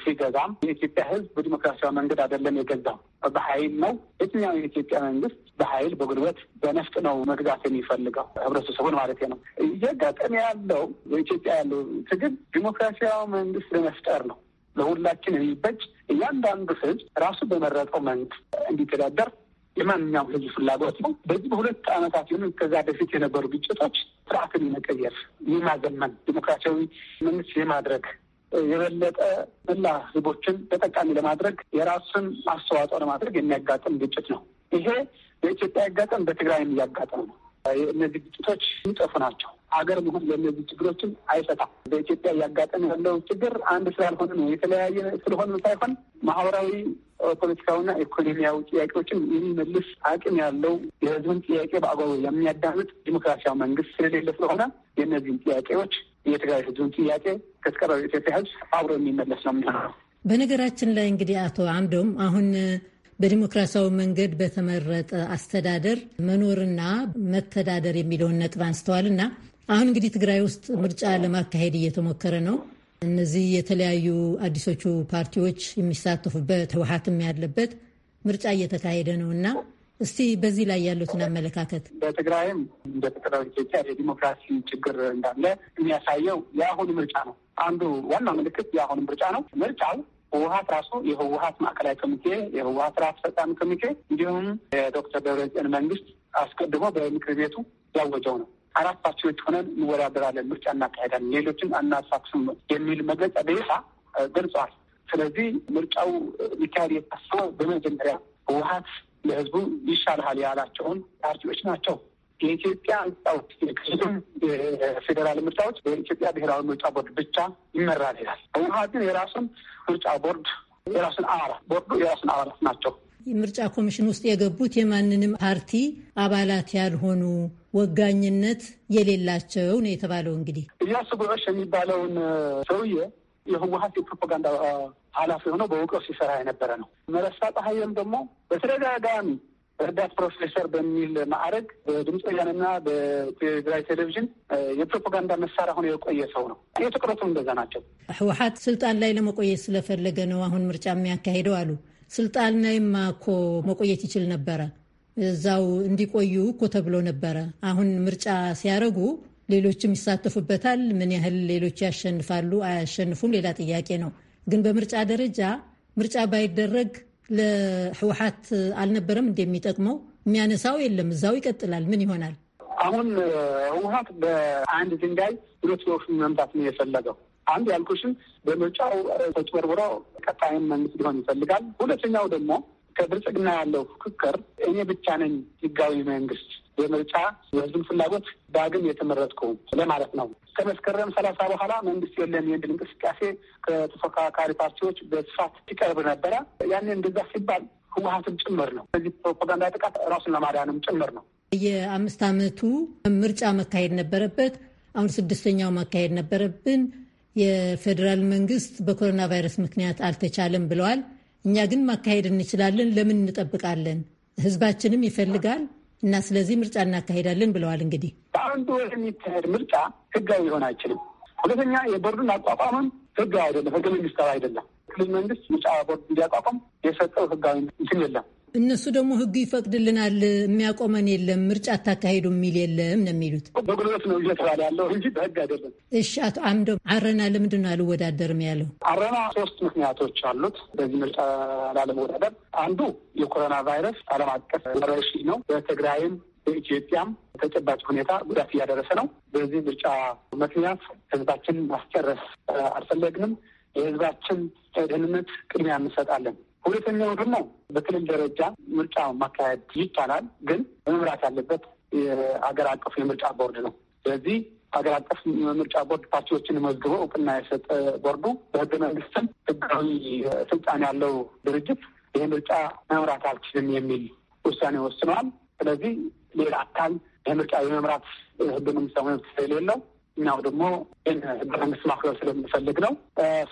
ሲገዛም የኢትዮጵያ ህዝብ በዲሞክራሲያዊ መንገድ አይደለም የገዛው፣ በሀይል ነው። የትኛው የኢትዮጵያ መንግስት በሀይል በጉልበት በነፍጥ ነው መግዛት የሚፈልገው ህብረተሰቡን ማለት ነው። እየጋጠመ ያለው በኢትዮጵያ ያለው ትግል ዲሞክራሲያዊ መንግስት ለመፍጠር ነው። ለሁላችን የሚበጅ እያንዳንዱ ህዝብ ራሱ በመረጠው መንግስት እንዲተዳደር የማንኛውም ህዝብ ፍላጎት ነው። በዚህ በሁለት ዓመታት ሆኑ ከዛ በፊት የነበሩ ግጭቶች ስርዓትን የመቀየር የማዘመን፣ ዲሞክራሲያዊ መንግስት የማድረግ የበለጠ መላ ህዝቦችን ተጠቃሚ ለማድረግ የራሱን አስተዋጽኦ ለማድረግ የሚያጋጥም ግጭት ነው። ይሄ በኢትዮጵያ ያጋጠም፣ በትግራይም እያጋጠም ነው። እነዚህ ግጭቶች ይጠፉ ናቸው። አገር መሆን የእነዚህ ችግሮችን አይፈታም። በኢትዮጵያ እያጋጠመ ያለው ችግር አንድ ስላልሆነ ነው፣ የተለያየ ስለሆነ ሳይሆን ማህበራዊ፣ ፖለቲካዊና ኢኮኖሚያዊ ጥያቄዎችን የሚመልስ አቅም ያለው የህዝብን ጥያቄ በአግባቡ የሚያዳምጥ ዲሞክራሲያዊ መንግስት ስለሌለ ስለሆነ የእነዚህን ጥያቄዎች የትግራይ ህዝብን ጥያቄ ከተቀረበ ኢትዮጵያ ህዝብ አብሮ የሚመለስ ነው የሚሆነው። በነገራችን ላይ እንግዲህ አቶ አምዶም አሁን በዲሞክራሲያዊ መንገድ በተመረጠ አስተዳደር መኖርና መተዳደር የሚለውን ነጥብ አንስተዋል እና አሁን እንግዲህ ትግራይ ውስጥ ምርጫ ለማካሄድ እየተሞከረ ነው። እነዚህ የተለያዩ አዲሶቹ ፓርቲዎች የሚሳተፉበት ህወሀትም ያለበት ምርጫ እየተካሄደ ነው እና እስቲ በዚህ ላይ ያሉትን አመለካከት በትግራይም እንደ ጠቅላይ ኢትዮጵያ የዲሞክራሲ ችግር እንዳለ የሚያሳየው የአሁኑ ምርጫ ነው። አንዱ ዋና ምልክት የአሁኑ ምርጫ ነው። ምርጫው ህወሀት ራሱ የህወሀት ማዕከላዊ ኮሚቴ፣ የህወሀት ስራ አስፈጻሚ ኮሚቴ እንዲሁም የዶክተር ደብረጽዮን መንግስት አስቀድሞ በምክር ቤቱ ያወጀው ነው። አራት ፓርቲዎች ሆነን እንወዳደራለን፣ ምርጫ እናካሄዳለን፣ ሌሎችን አናሳክስም የሚል መግለጫ በይፋ ገልጸዋል። ስለዚህ ምርጫው ሊካሄድ የታሰበው በመጀመሪያ ህወሀት ለህዝቡ ይሻልሃል ያላቸውን ፓርቲዎች ናቸው የኢትዮጵያ ምርጫዎች የክልልም የፌዴራል ምርጫዎች በኢትዮጵያ ብሔራዊ ምርጫ ቦርድ ብቻ ይመራል ይላል። ግን የራሱን ምርጫ ቦርድ የራሱን አባላት ቦርዱ የራሱን አባላት ናቸው። ምርጫ ኮሚሽን ውስጥ የገቡት የማንንም ፓርቲ አባላት ያልሆኑ ወጋኝነት የሌላቸው ነው የተባለው። እንግዲህ እያሱ ጎሽ የሚባለውን ሰውዬ የህወሀት የፕሮፓጋንዳ ኃላፊ ሆነው በእውቀት ሲሰራ የነበረ ነው። መለሳ ፀሐይም ደግሞ በተደጋጋሚ ረዳት ፕሮፌሰር በሚል ማዕረግ በድምፅ ወያነና በትግራይ ቴሌቪዥን የፕሮፓጋንዳ መሳሪያ ሆኖ የቆየ ሰው ነው። እኔ እንደዛ ናቸው። ህወሓት ስልጣን ላይ ለመቆየት ስለፈለገ ነው አሁን ምርጫ የሚያካሂደው አሉ። ስልጣን ላይማ እኮ መቆየት ይችል ነበረ። እዛው እንዲቆዩ እኮ ተብሎ ነበረ። አሁን ምርጫ ሲያደርጉ ሌሎችም ይሳተፉበታል። ምን ያህል ሌሎች ያሸንፋሉ አያሸንፉም ሌላ ጥያቄ ነው። ግን በምርጫ ደረጃ ምርጫ ባይደረግ ለህወሓት አልነበረም እንደሚጠቅመው የሚያነሳው የለም። እዛው ይቀጥላል። ምን ይሆናል? አሁን ህወሀት በአንድ ድንጋይ ሁለት ወፍ መምታት ነው የፈለገው። አንድ ያልኩሽን በምርጫው ተጭበርብሮ ቀጣይን መንግስት ሊሆን ይፈልጋል። ሁለተኛው ደግሞ ከብልጽግና ያለው ፍክክር እኔ ብቻ ነኝ ህጋዊ መንግስት የምርጫ የህዝብን ፍላጎት ዳግም የተመረጥኩ ለማለት ነው። ከመስከረም ሰላሳ በኋላ መንግስት የለም የሚል እንቅስቃሴ ከተፎካካሪ ፓርቲዎች በስፋት ሲቀርብ ነበረ። ያኔ እንደዛ ሲባል ህወሀትም ጭምር ነው። ስለዚህ ፕሮፓጋንዳ ጥቃት ራሱን ለማዳንም ጭምር ነው። የአምስት ዓመቱ ምርጫ መካሄድ ነበረበት። አሁን ስድስተኛው መካሄድ ነበረብን። የፌዴራል መንግስት በኮሮና ቫይረስ ምክንያት አልተቻለም ብለዋል። እኛ ግን ማካሄድ እንችላለን። ለምን እንጠብቃለን? ህዝባችንም ይፈልጋል እና ስለዚህ ምርጫ እናካሄዳለን ብለዋል። እንግዲህ በአንድ ወር የሚካሄድ ምርጫ ህጋዊ ሊሆን አይችልም። ሁለተኛ የቦርዱን አቋቋምም ህጋዊ አይደለም፣ ህገ መንግስታዊ አይደለም። ክልል መንግስት ምርጫ ቦርድ እንዲያቋቋም የሰጠው ህጋዊ እንትን የለም። እነሱ ደግሞ ህጉ ይፈቅድልናል የሚያቆመን የለም ምርጫ አታካሄዱ የሚል የለም ነው የሚሉት። በጉልበት ነው እየተባለ ያለው እንጂ በህግ አይደለም። እሺ፣ አቶ አምደም አረና ለምንድን ነው አልወዳደርም ያለው? አረና ሶስት ምክንያቶች አሉት በዚህ ምርጫ ላለመወዳደር። አንዱ የኮሮና ቫይረስ ዓለም አቀፍ ወረርሽኝ ነው። በትግራይም በኢትዮጵያም ተጨባጭ ሁኔታ ጉዳት እያደረሰ ነው። በዚህ ምርጫ ምክንያት ህዝባችን ማስጨረስ አልፈለግንም። የህዝባችን ደህንነት ቅድሚያ እንሰጣለን ሁለተኛው ደግሞ በክልል ደረጃ ምርጫ ማካሄድ ይቻላል፣ ግን መምራት ያለበት የአገር አቀፍ የምርጫ ቦርድ ነው። ስለዚህ ሀገር አቀፍ ምርጫ ቦርድ ፓርቲዎችን መዝግበው እውቅና የሰጠ ቦርዱ በህገ መንግስትም ህጋዊ ስልጣን ያለው ድርጅት ይህ ምርጫ መምራት አልችልም የሚል ውሳኔ ወስኗል። ስለዚህ ሌላ አካል የምርጫ የመምራት ህገ መንግስታዊ መብት ስለሌለው እኛው ደግሞ ይህን ህገ መንግስት ማክበር ስለምንፈልግ ነው።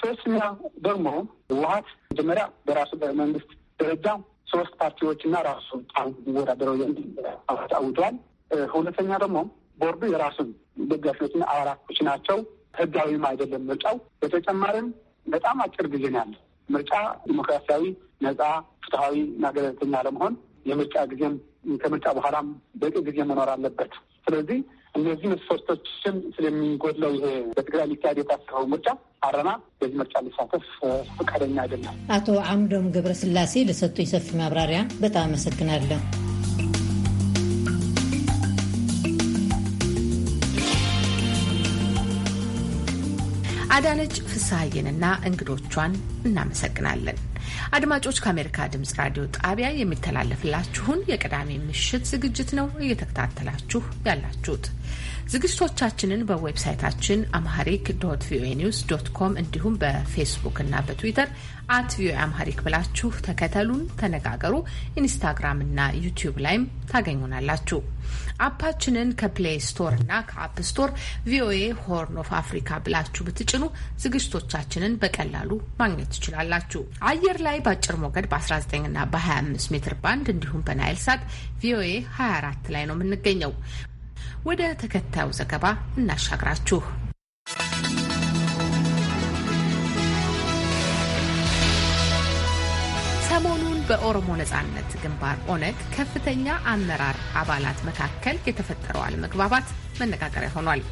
ሶስተኛ ደግሞ ህወሀት መጀመሪያ በራሱ በመንግስት ደረጃ ሶስት ፓርቲዎች ፓርቲዎችና ራሱ ወዳደረው የሚል ሁለተኛ ደግሞ ቦርዱ የራሱን ደጋፊዎችና አባላቶች ናቸው። ህጋዊም አይደለም ምርጫው። በተጨማሪም በጣም አጭር ጊዜ ነው ያለ ምርጫ ዲሞክራሲያዊ፣ ነጻ፣ ፍትሀዊ እና ገለልተኛ ለመሆን የምርጫ ጊዜም ከምርጫ በኋላም በቂ ጊዜ መኖር አለበት። ስለዚህ እነዚህ መስፈርቶችን ስለሚጎድለው ይሄ በትግራይ ሊካሄድ የታሰበው ምርጫ አረና በዚህ ምርጫ ሊሳተፍ ፈቃደኛ አይደለም። አቶ አምዶም ገብረስላሴ ለሰጡኝ ሰፊ ማብራሪያ በጣም አመሰግናለሁ። አዳነች ፍስሐዬንና እንግዶቿን እናመሰግናለን። አድማጮች ከአሜሪካ ድምጽ ራዲዮ ጣቢያ የሚተላለፍላችሁን የቅዳሜ ምሽት ዝግጅት ነው እየተከታተላችሁ ያላችሁት። ዝግጅቶቻችንን በዌብሳይታችን አምሃሪክ ዶት ቪኦኤ ኒውስ ዶት ኮም እንዲሁም በፌስቡክ እና በትዊተር አት ቪኦኤ አምሃሪክ ብላችሁ ተከተሉን፣ ተነጋገሩ። ኢንስታግራም እና ዩቲዩብ ላይም ታገኙናላችሁ። አፓችንን ከፕሌይ ስቶር እና ከአፕ ስቶር ቪኦኤ ሆርን ኦፍ አፍሪካ ብላችሁ ብትጭኑ ዝግጅቶቻችንን በቀላሉ ማግኘት ትችላላችሁ። አየር ላይ በአጭር ሞገድ በ19 እና በ25 ሜትር ባንድ እንዲሁም በናይል ሳት ቪኦኤ 24 ላይ ነው የምንገኘው። ወደ ተከታዩ ዘገባ እናሻግራችሁ። ሰሞኑን በኦሮሞ ነጻነት ግንባር ኦነግ ከፍተኛ አመራር አባላት መካከል የተፈጠረው አለመግባባት መነጋገሪያ ሆኗል።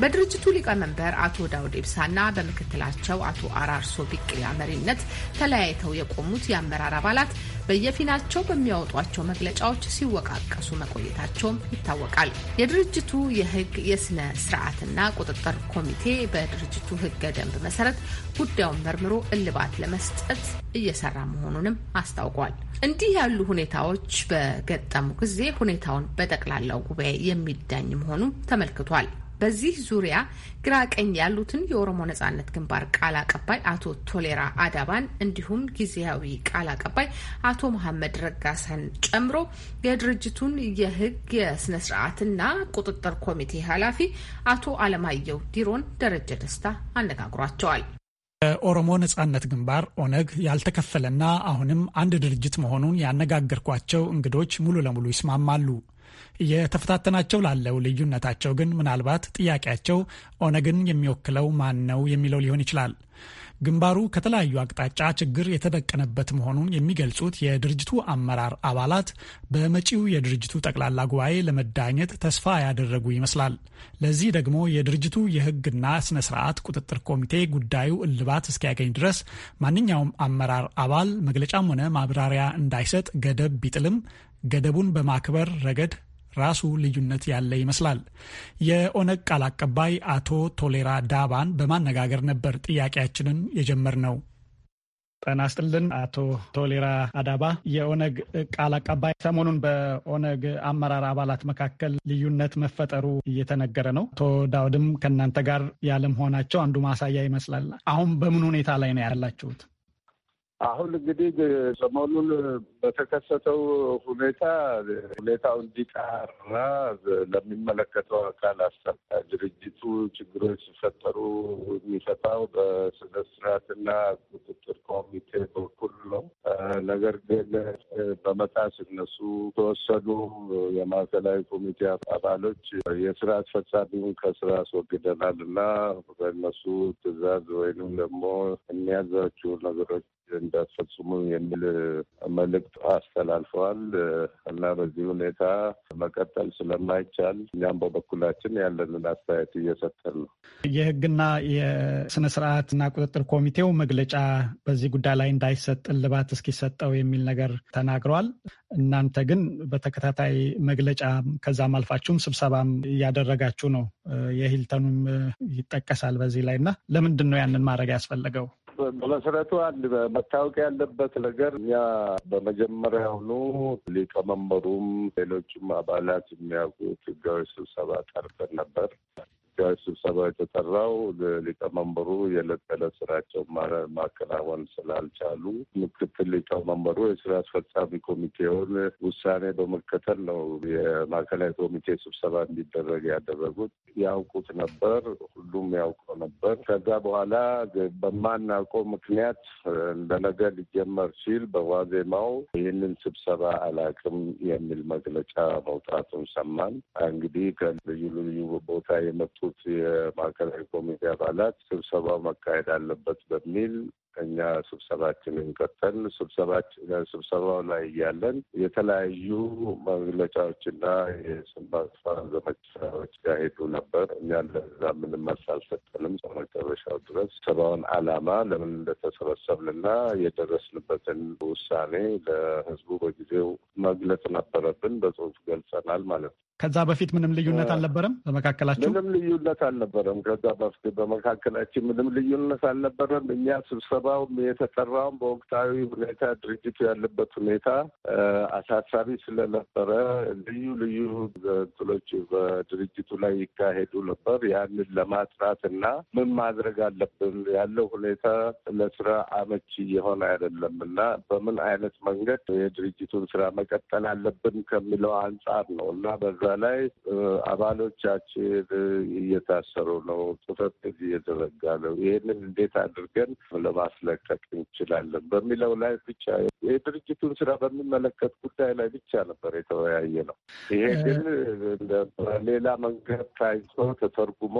በድርጅቱ ሊቀመንበር አቶ ዳውድ ኢብሳና በምክትላቸው አቶ አራርሶ ቢቅያ መሪነት ተለያይተው የቆሙት የአመራር አባላት በየፊናቸው በሚያወጧቸው መግለጫዎች ሲወቃቀሱ መቆየታቸውም ይታወቃል። የድርጅቱ የህግ የስነ ስርዓትና ቁጥጥር ኮሚቴ በድርጅቱ ህገ ደንብ መሰረት ጉዳዩን መርምሮ እልባት ለመስጠት እየሰራ መሆኑንም አስታውቋል። እንዲህ ያሉ ሁኔታዎች በገጠሙ ጊዜ ሁኔታውን በጠቅላላው ጉባኤ የሚዳኝ መሆኑ ተመልክቷል። በዚህ ዙሪያ ግራ ቀኝ ያሉትን የኦሮሞ ነጻነት ግንባር ቃል አቀባይ አቶ ቶሌራ አዳባን እንዲሁም ጊዜያዊ ቃል አቀባይ አቶ መሐመድ ረጋሳን ጨምሮ የድርጅቱን የህግ የስነ ስርዓትና ቁጥጥር ኮሚቴ ኃላፊ አቶ አለማየሁ ዲሮን ደረጀ ደስታ አነጋግሯቸዋል። የኦሮሞ ነጻነት ግንባር ኦነግ ያልተከፈለና አሁንም አንድ ድርጅት መሆኑን ያነጋገርኳቸው እንግዶች ሙሉ ለሙሉ ይስማማሉ። የተፈታተናቸው ላለው ልዩነታቸው ግን ምናልባት ጥያቄያቸው ኦነግን የሚወክለው ማን ነው የሚለው ሊሆን ይችላል። ግንባሩ ከተለያዩ አቅጣጫ ችግር የተደቀነበት መሆኑን የሚገልጹት የድርጅቱ አመራር አባላት በመጪው የድርጅቱ ጠቅላላ ጉባኤ ለመዳኘት ተስፋ ያደረጉ ይመስላል። ለዚህ ደግሞ የድርጅቱ የሕግና ስነ ስርዓት ቁጥጥር ኮሚቴ ጉዳዩ እልባት እስኪያገኝ ድረስ ማንኛውም አመራር አባል መግለጫም ሆነ ማብራሪያ እንዳይሰጥ ገደብ ቢጥልም ገደቡን በማክበር ረገድ ራሱ ልዩነት ያለ ይመስላል። የኦነግ ቃል አቀባይ አቶ ቶሌራ ዳባን በማነጋገር ነበር ጥያቄያችንን የጀመርነው። ጤና ይስጥልን አቶ ቶሌራ አዳባ፣ የኦነግ ቃል አቀባይ። ሰሞኑን በኦነግ አመራር አባላት መካከል ልዩነት መፈጠሩ እየተነገረ ነው። አቶ ዳውድም ከእናንተ ጋር ያለመሆናቸው አንዱ ማሳያ ይመስላል። አሁን በምን ሁኔታ ላይ ነው ያላችሁት? አሁን እንግዲህ ሰሞኑን በተከሰተው ሁኔታ ሁኔታው እንዲጣራ ለሚመለከተው አካል አሰ ድርጅቱ ችግሮች ሲፈጠሩ የሚፈታው በስነ ስርዓትና ቁጥጥር ኮሚቴ በኩል ነው። ነገር ግን በመጣ ሲነሱ ተወሰዱ የማዕከላዊ ኮሚቴ አባሎች የስራ አስፈጻሚውን ከስራ አስወግደናል እና በእነሱ ትዕዛዝ ወይንም ደግሞ የሚያዛቸው ነገሮች እንዳትፈጽሙ የሚል መልእክት አስተላልፈዋል እና በዚህ ሁኔታ መቀጠል ስለማይቻል እኛም በበኩላችን ያለንን አስተያየት እየሰጠን ነው። የህግና የስነ ስርዓትና ቁጥጥር ኮሚቴው መግለጫ በዚህ ጉዳይ ላይ እንዳይሰጥ እልባት እስኪሰጠው የሚል ነገር ተናግረዋል። እናንተ ግን በተከታታይ መግለጫ ከዛም አልፋችሁም ስብሰባም እያደረጋችሁ ነው። የሂልተኑም ይጠቀሳል በዚህ ላይ እና ለምንድን ነው ያንን ማድረግ ያስፈለገው? በመሰረቱ አንድ መታወቅ ያለበት ነገር እኛ በመጀመሪያውኑ ሊቀመንበሩም ሌሎችም አባላት የሚያውቁት ህጋዊ ስብሰባ ጠርተን ነበር። ስብሰባ የተጠራው ሊቀመንበሩ የዕለት ተዕለት ስራቸው ማከናወን ስላልቻሉ ምክትል ሊቀመንበሩ የስራ አስፈጻሚ ኮሚቴውን ውሳኔ በመከተል ነው የማዕከላዊ ኮሚቴ ስብሰባ እንዲደረግ ያደረጉት። ያውቁት ነበር፣ ሁሉም ያውቀው ነበር። ከዛ በኋላ በማናውቀው ምክንያት እንደነገ ሊጀመር ሲል በዋዜማው ይህንን ስብሰባ አላቅም የሚል መግለጫ መውጣቱን ሰማን። እንግዲህ ከልዩ ልዩ ቦታ የመጡ የተነሱት የማዕከላዊ ኮሚቴ አባላት ስብሰባው መካሄድ አለበት በሚል እኛ ስብሰባችንን ቀጠል ስብሰባው ላይ እያለን የተለያዩ መግለጫዎችና የስም ማጥፋት ዘመቻዎች ያሄዱ ነበር። እኛ ለዛ ምንም አልሰጠንም። መጨረሻው ድረስ ስብሰባውን ዓላማ ለምን እንደተሰበሰብንና የደረስንበትን ውሳኔ ለህዝቡ በጊዜው መግለጽ ነበረብን። በጽሁፍ ገልጸናል ማለት ነው። ከዛ በፊት ምንም ልዩነት አልነበረም በመካከላችሁ? ምንም ልዩነት አልነበረም። ከዛ በፊት በመካከላችን ምንም ልዩነት አልነበረም። እኛ ስብሰባውም የተጠራውም በወቅታዊ ሁኔታ ድርጅቱ ያለበት ሁኔታ አሳሳቢ ስለነበረ ልዩ ልዩ እንትኖች በድርጅቱ ላይ ይካሄዱ ነበር። ያንን ለማጥራት እና ምን ማድረግ አለብን ያለው ሁኔታ ለስራ አመቺ የሆነ አይደለም እና በምን አይነት መንገድ የድርጅቱን ስራ መቀጠል አለብን ከሚለው አንጻር ነው እና በዛ ላይ አባሎቻችን እየታሰሩ ነው፣ ጽሕፈት ቤት እየተዘጋ ነው፣ ይህንን እንዴት አድርገን ለማስለቀቅ እንችላለን በሚለው ላይ ብቻ የድርጅቱን ስራ በሚመለከት ጉዳይ ላይ ብቻ ነበር የተወያየ ነው። ይሄ ግን ሌላ መንገድ ታይቶ ተተርጉሞ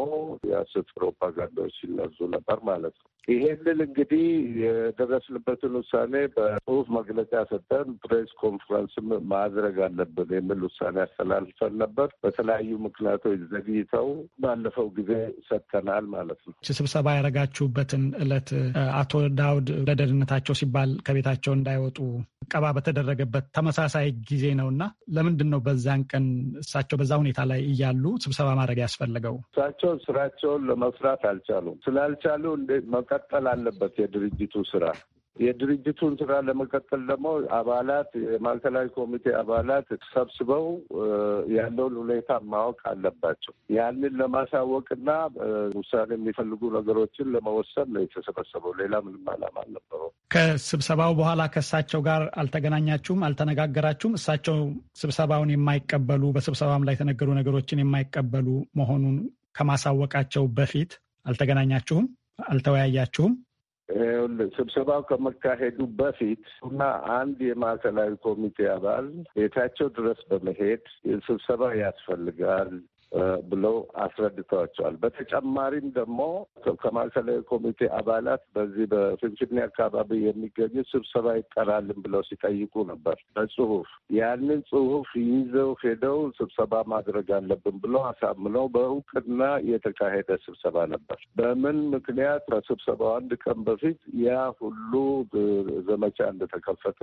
የሐሰት ፕሮፓጋንዳዎች ሲነዙ ነበር ማለት ነው። ይሄንን እንግዲህ የደረስንበትን ውሳኔ በጽሁፍ መግለጫ ሰጠን። ፕሬስ ኮንፈረንስም ማድረግ አለብን የሚል ውሳኔ አስተላልፈን ነበር። በተለያዩ ምክንያቶች ዘግይተው ባለፈው ጊዜ ሰጥተናል ማለት ነው። ስብሰባ ያደረጋችሁበትን እለት አቶ ዳውድ ለደህንነታቸው ሲባል ከቤታቸው እንዳይወ ሲወጡ ቀባ በተደረገበት ተመሳሳይ ጊዜ ነው እና ለምንድን ነው በዛን ቀን እሳቸው በዛ ሁኔታ ላይ እያሉ ስብሰባ ማድረግ ያስፈለገው? እሳቸው ስራቸውን ለመስራት አልቻሉም። ስላልቻሉ እንዴት መቀጠል አለበት የድርጅቱ ስራ የድርጅቱን ስራ ለመቀጠል ደግሞ አባላት የማዕከላዊ ኮሚቴ አባላት ሰብስበው ያለውን ሁኔታ ማወቅ አለባቸው። ያንን ለማሳወቅና ውሳኔ የሚፈልጉ ነገሮችን ለመወሰን ነው የተሰበሰበው። ሌላ ምንም ዓላማ አልነበረው። ከስብሰባው በኋላ ከእሳቸው ጋር አልተገናኛችሁም? አልተነጋገራችሁም? እሳቸው ስብሰባውን የማይቀበሉ በስብሰባም ላይ የተነገሩ ነገሮችን የማይቀበሉ መሆኑን ከማሳወቃቸው በፊት አልተገናኛችሁም? አልተወያያችሁም? ስብሰባው ከመካሄዱ በፊት እና አንድ የማዕከላዊ ኮሚቴ አባል ቤታቸው ድረስ በመሄድ ስብሰባ ያስፈልጋል ብለው አስረድተዋቸዋል። በተጨማሪም ደግሞ ከማዕከላዊ ኮሚቴ አባላት በዚህ በፊንፊኔ አካባቢ የሚገኙ ስብሰባ ይጠራልን ብለው ሲጠይቁ ነበር በጽሁፍ ያንን ጽሁፍ ይዘው ሄደው ስብሰባ ማድረግ አለብን ብለው አሳምነው በእውቅና የተካሄደ ስብሰባ ነበር። በምን ምክንያት ከስብሰባው አንድ ቀን በፊት ያ ሁሉ ዘመቻ እንደተከፈተ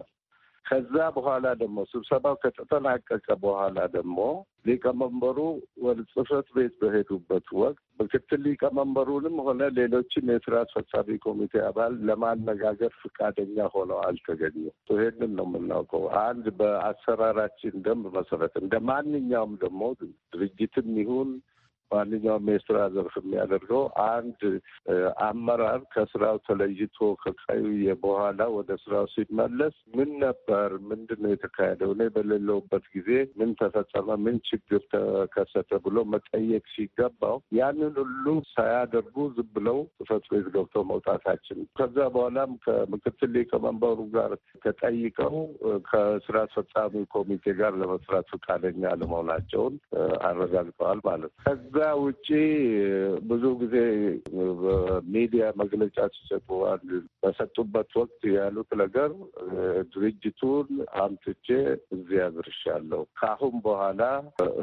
ነው። ከዛ በኋላ ደግሞ ስብሰባው ከተጠናቀቀ በኋላ ደግሞ ሊቀመንበሩ ወደ ጽህፈት ቤት በሄዱበት ወቅት ምክትል ሊቀመንበሩንም ሆነ ሌሎችን የስራ አስፈጻሚ ኮሚቴ አባል ለማነጋገር ፍቃደኛ ሆነው አልተገኙም። ይሄንን ነው የምናውቀው። አንድ በአሰራራችን ደንብ መሰረት እንደ ማንኛውም ደግሞ ድርጅትም ይሁን ማንኛውም የስራ ዘርፍ የሚያደርገው አንድ አመራር ከስራው ተለይቶ ከቀየ በኋላ ወደ ስራው ሲመለስ ምን ነበር፣ ምንድን ነው የተካሄደው፣ እኔ በሌለውበት ጊዜ ምን ተፈጸመ፣ ምን ችግር ተከሰተ ብሎ መጠየቅ ሲገባው ያንን ሁሉ ሳያደርጉ ዝም ብለው ጽሕፈት ቤት ገብተው መውጣታችን ከዛ በኋላም ከምክትል ሊቀመንበሩ ጋር ተጠይቀው ከስራ አስፈጻሚ ኮሚቴ ጋር ለመስራት ፈቃደኛ ለመሆናቸውን አረጋግጠዋል ማለት ነው። ውጪ ብዙ ጊዜ በሚዲያ መግለጫ ሲሰጡ በሰጡበት ወቅት ያሉት ነገር ድርጅቱን አምትቼ እዚህ አድርሻለሁ፣ ከአሁን በኋላ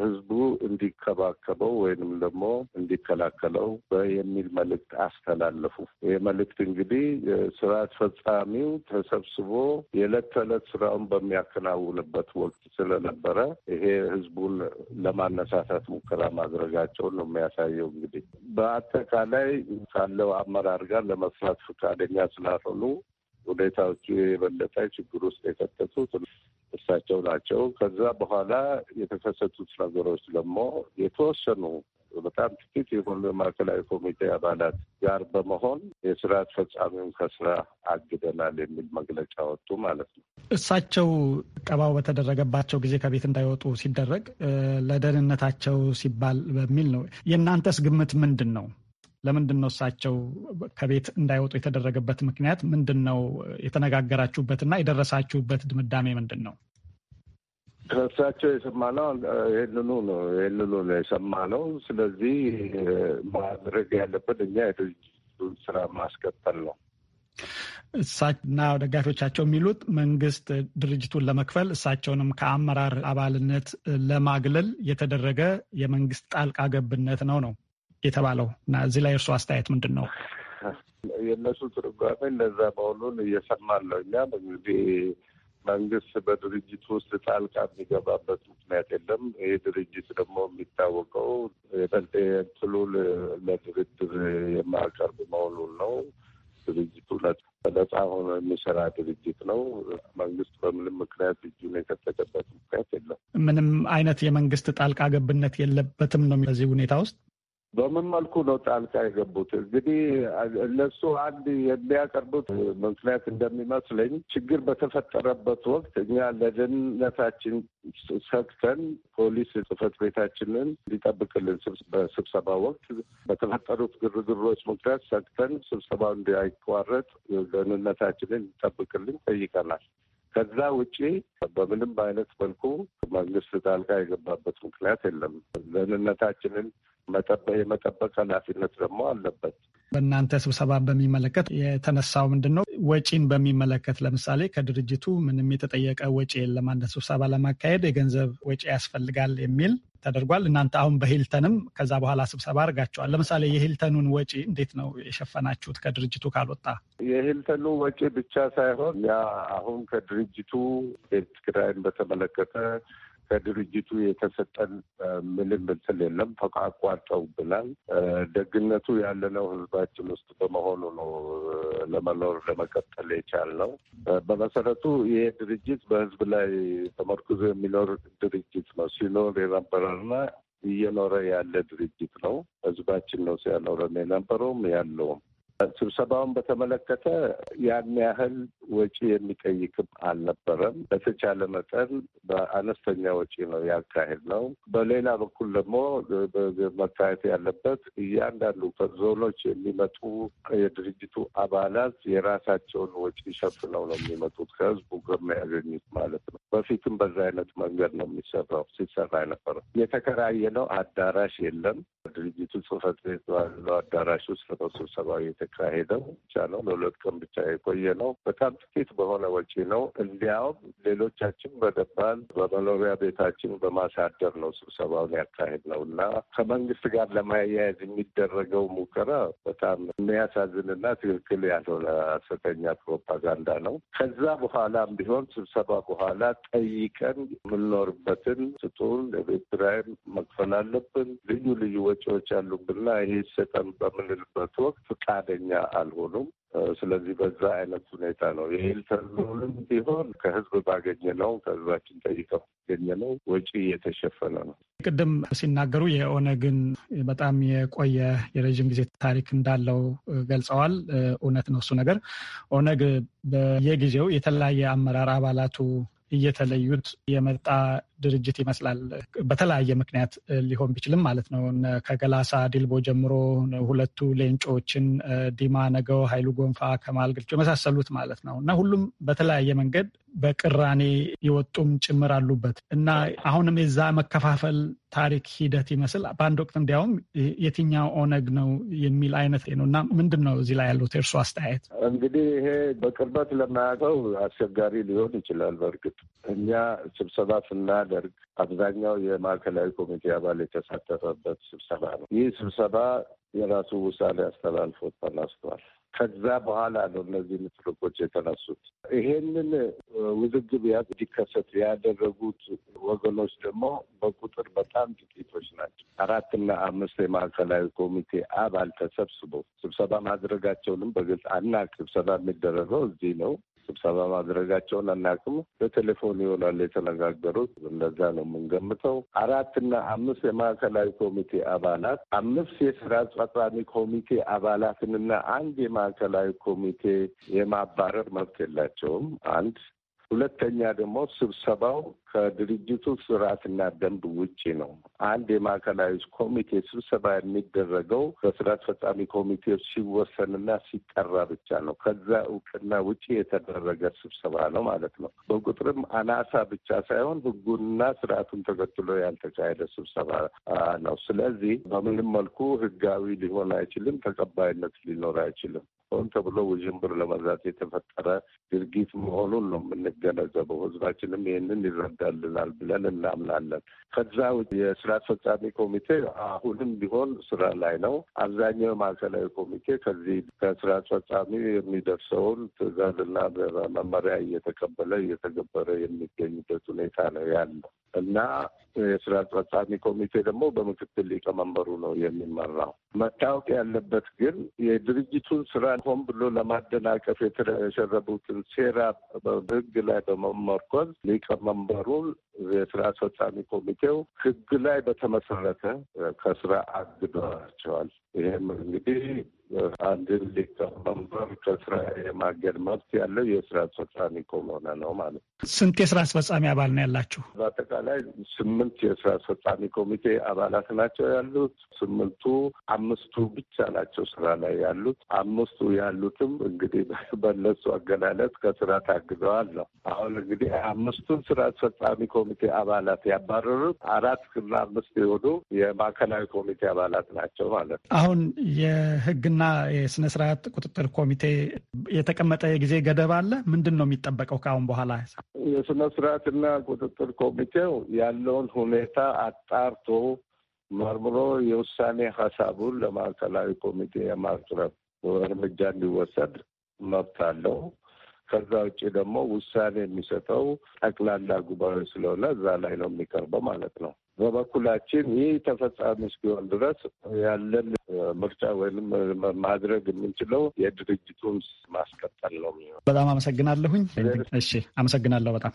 ህዝቡ እንዲከባከበው ወይንም ደግሞ እንዲከላከለው የሚል መልእክት አስተላለፉ። ይህ መልእክት እንግዲህ ስራ አስፈጻሚው ተሰብስቦ የዕለት ተዕለት ስራውን በሚያከናውንበት ወቅት ስለነበረ ይሄ ህዝቡን ለማነሳሳት ሙከራ ማድረጋቸው መሆናቸውን ነው የሚያሳየው። እንግዲህ በአጠቃላይ ካለው አመራር ጋር ለመስራት ፈቃደኛ ስላልሆኑ ሁኔታዎቹ የበለጠ ችግር ውስጥ የከተቱት እሳቸው ናቸው። ከዛ በኋላ የተከሰቱት ነገሮች ደግሞ የተወሰኑ በጣም ጥቂት የሆኑ ማዕከላዊ ኮሚቴ አባላት ጋር በመሆን የስራ አስፈጻሚውን ከስራ አግደናል የሚል መግለጫ ወጡ ማለት ነው። እሳቸው ቀባው በተደረገባቸው ጊዜ ከቤት እንዳይወጡ ሲደረግ ለደህንነታቸው ሲባል በሚል ነው። የእናንተስ ግምት ምንድን ነው? ለምንድን ነው እሳቸው ከቤት እንዳይወጡ የተደረገበት ምክንያት ምንድን ነው? የተነጋገራችሁበትና የደረሳችሁበት ድምዳሜ ምንድን ነው? ከእሳቸው የሰማነው ይህንኑ ነው። ይህንኑ ነው የሰማነው። ስለዚህ ማድረግ ያለብን እኛ የድርጅቱን ስራ ማስቀጠል ነው። እሳና ደጋፊዎቻቸው የሚሉት መንግስት ድርጅቱን ለመክፈል እሳቸውንም ከአመራር አባልነት ለማግለል የተደረገ የመንግስት ጣልቃ ገብነት ነው ነው የተባለው እና እዚህ ላይ እርሱ አስተያየት ምንድን ነው? የእነሱ ትርጓሜ እነዛ መሆኑን እየሰማን ነው። እኛም እንግዲህ መንግስት በድርጅት ውስጥ ጣልቃ የሚገባበት ምክንያት የለም። ይህ ድርጅት ደግሞ የሚታወቀው የጠንጤንትሉ ለድርድር የማቀርብ መሆኑን ነው። ድርጅቱ ነጻ ሆኖ የሚሰራ ድርጅት ነው። መንግስት በምንም ምክንያት እጁን የከተተበት ምክንያት የለም። ምንም አይነት የመንግስት ጣልቃ ገብነት የለበትም ነው በዚህ ሁኔታ ውስጥ በምን መልኩ ነው ጣልቃ የገቡት? እንግዲህ እነሱ አንድ የሚያቀርቡት ምክንያት እንደሚመስለኝ ችግር በተፈጠረበት ወቅት እኛ ለደህንነታችን ሰግተን ፖሊስ ጽህፈት ቤታችንን እንዲጠብቅልን በስብሰባ ወቅት በተፈጠሩት ግርግሮች ምክንያት ሰግተን ስብሰባው እንዳይቋረጥ ደህንነታችንን እንዲጠብቅልን ጠይቀናል። ከዛ ውጪ በምንም አይነት መልኩ መንግስት ጣልቃ የገባበት ምክንያት የለም። ደህንነታችንን የመጠበቅ ኃላፊነት ደግሞ አለበት። በእናንተ ስብሰባ በሚመለከት የተነሳው ምንድን ነው? ወጪን በሚመለከት ለምሳሌ ከድርጅቱ ምንም የተጠየቀ ወጪ የለም። አንድ ስብሰባ ለማካሄድ የገንዘብ ወጪ ያስፈልጋል የሚል ተደርጓል። እናንተ አሁን በሂልተንም ከዛ በኋላ ስብሰባ አድርጋቸዋል። ለምሳሌ የሂልተኑን ወጪ እንዴት ነው የሸፈናችሁት? ከድርጅቱ ካልወጣ የሂልተኑ ወጪ ብቻ ሳይሆን ያ አሁን ከድርጅቱ ቤት ኪራይን በተመለከተ ከድርጅቱ የተሰጠን ምንም ምትል የለም። ተቋቋጠው ብላል። ደግነቱ ያለነው ህዝባችን ውስጥ በመሆኑ ነው ለመኖር ለመቀጠል የቻልነው። በመሰረቱ ይሄ ድርጅት በህዝብ ላይ ተመርኩዞ የሚኖር ድርጅት ነው። ሲኖር የነበረና እየኖረ ያለ ድርጅት ነው። ህዝባችን ነው ሲያኖረን የነበረውም ያለውም። ስብሰባውን በተመለከተ ያን ያህል ወጪ የሚጠይቅም አልነበረም። በተቻለ መጠን በአነስተኛ ወጪ ነው ያካሄድ ነው። በሌላ በኩል ደግሞ መታየት ያለበት እያንዳንዱ ከዞኖች የሚመጡ የድርጅቱ አባላት የራሳቸውን ወጪ ሸፍነው ነው የሚመጡት ከህዝቡ ከሚያገኙት ማለት ነው። በፊትም በዛ አይነት መንገድ ነው የሚሰራው ሲሰራ የነበረው። የተከራየ ነው አዳራሽ የለም። ድርጅቱ ጽህፈት ቤት ባለው አዳራሽ ውስጥ ነው ስብሰባው የተካሄደው ብቻ ነው። ለሁለት ቀን ብቻ የቆየ ነው። በጣም ጥቂት በሆነ ወጪ ነው። እንዲያውም ሌሎቻችን በደባል በመኖሪያ ቤታችን በማሳደር ነው ስብሰባውን ያካሄድ ነው እና ከመንግስት ጋር ለማያያዝ የሚደረገው ሙከራ በጣም የሚያሳዝንና ትክክል ያልሆነ ሐሰተኛ ፕሮፓጋንዳ ነው። ከዛ በኋላም ቢሆን ስብሰባ በኋላ ጠይቀን የምንኖርበትን ስጡን፣ የቤት ኪራይም መክፈል አለብን፣ ልዩ ልዩ ወጪዎች አሉብንና ይሄ ስጠን በምንልበት ወቅት ፈቃደኛ አልሆኑም። ስለዚህ በዛ አይነት ሁኔታ ነው። የሂልተን ቢሆን ከህዝብ ባገኘ ነው፣ ከህዝባችን ጠይቀው ባገኘ ነው ወጪ እየተሸፈነ ነው። ቅድም ሲናገሩ የኦነግን በጣም የቆየ የረዥም ጊዜ ታሪክ እንዳለው ገልጸዋል። እውነት ነው እሱ ነገር። ኦነግ በየጊዜው የተለያየ አመራር አባላቱ እየተለዩት የመጣ ድርጅት ይመስላል። በተለያየ ምክንያት ሊሆን ቢችልም ማለት ነው። ከገላሳ ዲልቦ ጀምሮ ሁለቱ ሌንጮችን፣ ዲማ ነገው፣ ሀይሉ ጎንፋ፣ ከማል ግልጮ የመሳሰሉት ማለት ነው እና ሁሉም በተለያየ መንገድ በቅራኔ የወጡም ጭምር አሉበት እና አሁንም የዛ መከፋፈል ታሪክ ሂደት ይመስል በአንድ ወቅት እንዲያውም የትኛው ኦነግ ነው የሚል አይነት ነው እና ምንድን ነው እዚህ ላይ ያሉት የእርሱ አስተያየት? እንግዲህ ይሄ በቅርበት ለማያውቀው አስቸጋሪ ሊሆን ይችላል። በእርግጥ እኛ ስብሰባ ስና የሚያደርግ አብዛኛው የማዕከላዊ ኮሚቴ አባል የተሳተፈበት ስብሰባ ነው። ይህ ስብሰባ የራሱ ውሳኔ አስተላልፎ ተነስቷል። ከዛ በኋላ ነው እነዚህ ምትርኮች የተነሱት። ይሄንን ውዝግብ እንዲከሰት ያደረጉት ወገኖች ደግሞ በቁጥር በጣም ጥቂቶች ናቸው። አራትና አምስት የማዕከላዊ ኮሚቴ አባል ተሰብስቦ ስብሰባ ማድረጋቸውንም በግልጽ አናውቅ። ስብሰባ የሚደረገው እዚህ ነው። ስብሰባ ማድረጋቸውን አናውቅም። በቴሌፎን ይሆናል የተነጋገሩት፣ እንደዛ ነው የምንገምተው። አራትና አምስት የማዕከላዊ ኮሚቴ አባላት አምስት የስራ አስፈጻሚ ኮሚቴ አባላትንና አንድ የማዕከላዊ ኮሚቴ የማባረር መብት የላቸውም። አንድ ሁለተኛ ደግሞ ስብሰባው ከድርጅቱ ስርዓትና ደንብ ውጪ ነው። አንድ የማዕከላዊ ኮሚቴ ስብሰባ የሚደረገው በስራ አስፈጻሚ ኮሚቴዎች ሲወሰንና ሲጠራ ብቻ ነው። ከዛ እውቅና ውጪ የተደረገ ስብሰባ ነው ማለት ነው። በቁጥርም አናሳ ብቻ ሳይሆን ህጉንና ስርዓቱን ተከትሎ ያልተካሄደ ስብሰባ ነው። ስለዚህ በምንም መልኩ ህጋዊ ሊሆን አይችልም፣ ተቀባይነት ሊኖር አይችልም። ሆን ተብሎ ውዥንብር ለመዛት የተፈጠረ ድርጊት መሆኑን ነው የምንገነዘበው። ህዝባችንም ይህንን ይረዳልናል ብለን እናምናለን። ከዛ የስራ አስፈጻሚ ኮሚቴ አሁንም ቢሆን ስራ ላይ ነው። አብዛኛው ማዕከላዊ ኮሚቴ ከዚህ ከስራ አስፈጻሚ የሚደርሰውን ትዕዛዝና መመሪያ እየተቀበለ እየተገበረ የሚገኝበት ሁኔታ ነው ያለው እና የስራ አስፈጻሚ ኮሚቴ ደግሞ በምክትል ሊቀመንበሩ ነው የሚመራው። መታወቅ ያለበት ግን የድርጅቱን ስራ ሆን ብሎ ለማደናቀፍ የተሸረቡትን ሴራ በህግ ላይ በመመርኮዝ ሊቀመንበሩ የስራ አስፈጻሚ ኮሚቴው ህግ ላይ በተመሰረተ ከስራ አግደዋቸዋል። ይህም እንግዲህ አንድን ሊቀመንበር ከስራ የማገድ መብት ያለው የስራ አስፈጻሚ ከሆነ ነው ማለት ነው። ስንት የስራ አስፈጻሚ አባል ነው ያላችሁ? በአጠቃላይ ስምንት የስራ አስፈጻሚ ኮሚቴ አባላት ናቸው ያሉት። ስምንቱ አምስቱ ብቻ ናቸው ስራ ላይ ያሉት። አምስቱ ያሉትም እንግዲህ (laughs) በነሱ አገላለጽ ከስራ ታግደዋል ነው። አሁን እንግዲህ አምስቱን ስራ አስፈጻሚ ኮሚቴ አባላት ያባረሩት አራት እና አምስት የሆኑ የማዕከላዊ ኮሚቴ አባላት ናቸው ማለት ነው። አሁን የህግና የስነ ስርዓት ቁጥጥር ኮሚቴ የተቀመጠ የጊዜ ገደብ አለ? ምንድን ነው የሚጠበቀው ከአሁን በኋላ? የስነ ስርዓትና ቁጥጥር ኮሚቴው ያለውን ሁኔታ አጣርቶ መርምሮ የውሳኔ ሀሳቡን ለማዕከላዊ ኮሚቴ የማቅረብ እርምጃ እንዲወሰድ መብት አለው። ከዛ ውጭ ደግሞ ውሳኔ የሚሰጠው ጠቅላላ ጉባኤ ስለሆነ እዛ ላይ ነው የሚቀርበው ማለት ነው። በበኩላችን ይህ ተፈጻሚ እስኪሆን ድረስ ያለን ምርጫ ወይም ማድረግ የምንችለው የድርጅቱን ማስቀጠል ነው። በጣም አመሰግናለሁኝ። እሺ፣ አመሰግናለሁ በጣም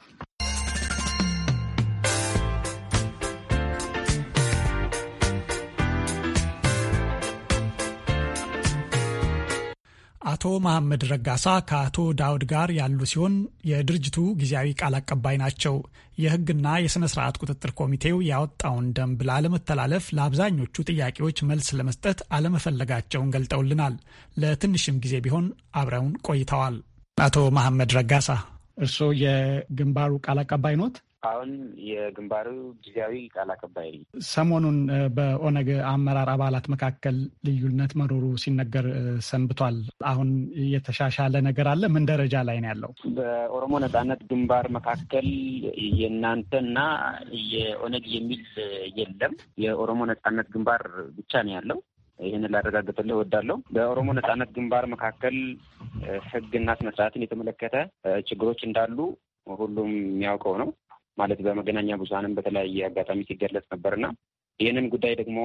አቶ መሐመድ ረጋሳ ከአቶ ዳውድ ጋር ያሉ ሲሆን የድርጅቱ ጊዜያዊ ቃል አቀባይ ናቸው። የሕግና የሥነ ሥርዓት ቁጥጥር ኮሚቴው ያወጣውን ደንብ ላለመተላለፍ ለአብዛኞቹ ጥያቄዎች መልስ ለመስጠት አለመፈለጋቸውን ገልጠውልናል። ለትንሽም ጊዜ ቢሆን አብረውን ቆይተዋል። አቶ መሐመድ ረጋሳ እርስዎ የግንባሩ ቃል አቀባይ ኖት? አሁን የግንባሩ ጊዜያዊ ቃል አቀባይ ነኝ። ሰሞኑን በኦነግ አመራር አባላት መካከል ልዩነት መኖሩ ሲነገር ሰንብቷል። አሁን የተሻሻለ ነገር አለ? ምን ደረጃ ላይ ነው ያለው? በኦሮሞ ነጻነት ግንባር መካከል እና የኦነግ የሚል የለም። የኦሮሞ ነጻነት ግንባር ብቻ ነው ያለው። ይህንን ላረጋግጥልህ እወዳለሁ። በኦሮሞ ነጻነት ግንባር መካከል ህግና ስነስርዓትን የተመለከተ ችግሮች እንዳሉ ሁሉም የሚያውቀው ነው። ማለት በመገናኛ ብዙሀንም በተለያየ አጋጣሚ ሲገለጽ ነበርና ይህንን ጉዳይ ደግሞ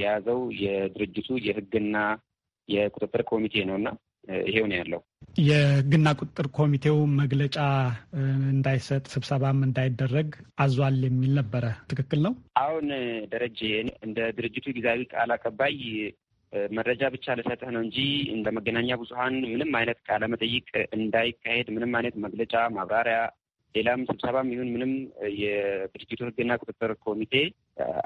የያዘው የድርጅቱ የህግና የቁጥጥር ኮሚቴ ነው እና ይሄው ነው ያለው። የህግና ቁጥጥር ኮሚቴው መግለጫ እንዳይሰጥ ስብሰባም እንዳይደረግ አዟል የሚል ነበረ። ትክክል ነው። አሁን ደረጀ፣ እንደ ድርጅቱ ጊዜያዊ ቃል አቀባይ መረጃ ብቻ ልሰጥህ ነው እንጂ እንደ መገናኛ ብዙሀን ምንም አይነት ቃለመጠይቅ እንዳይካሄድ ምንም አይነት መግለጫ፣ ማብራሪያ ሌላም ስብሰባም ይሁን ምንም የድርጅቱ ሕግና ቁጥጥር ኮሚቴ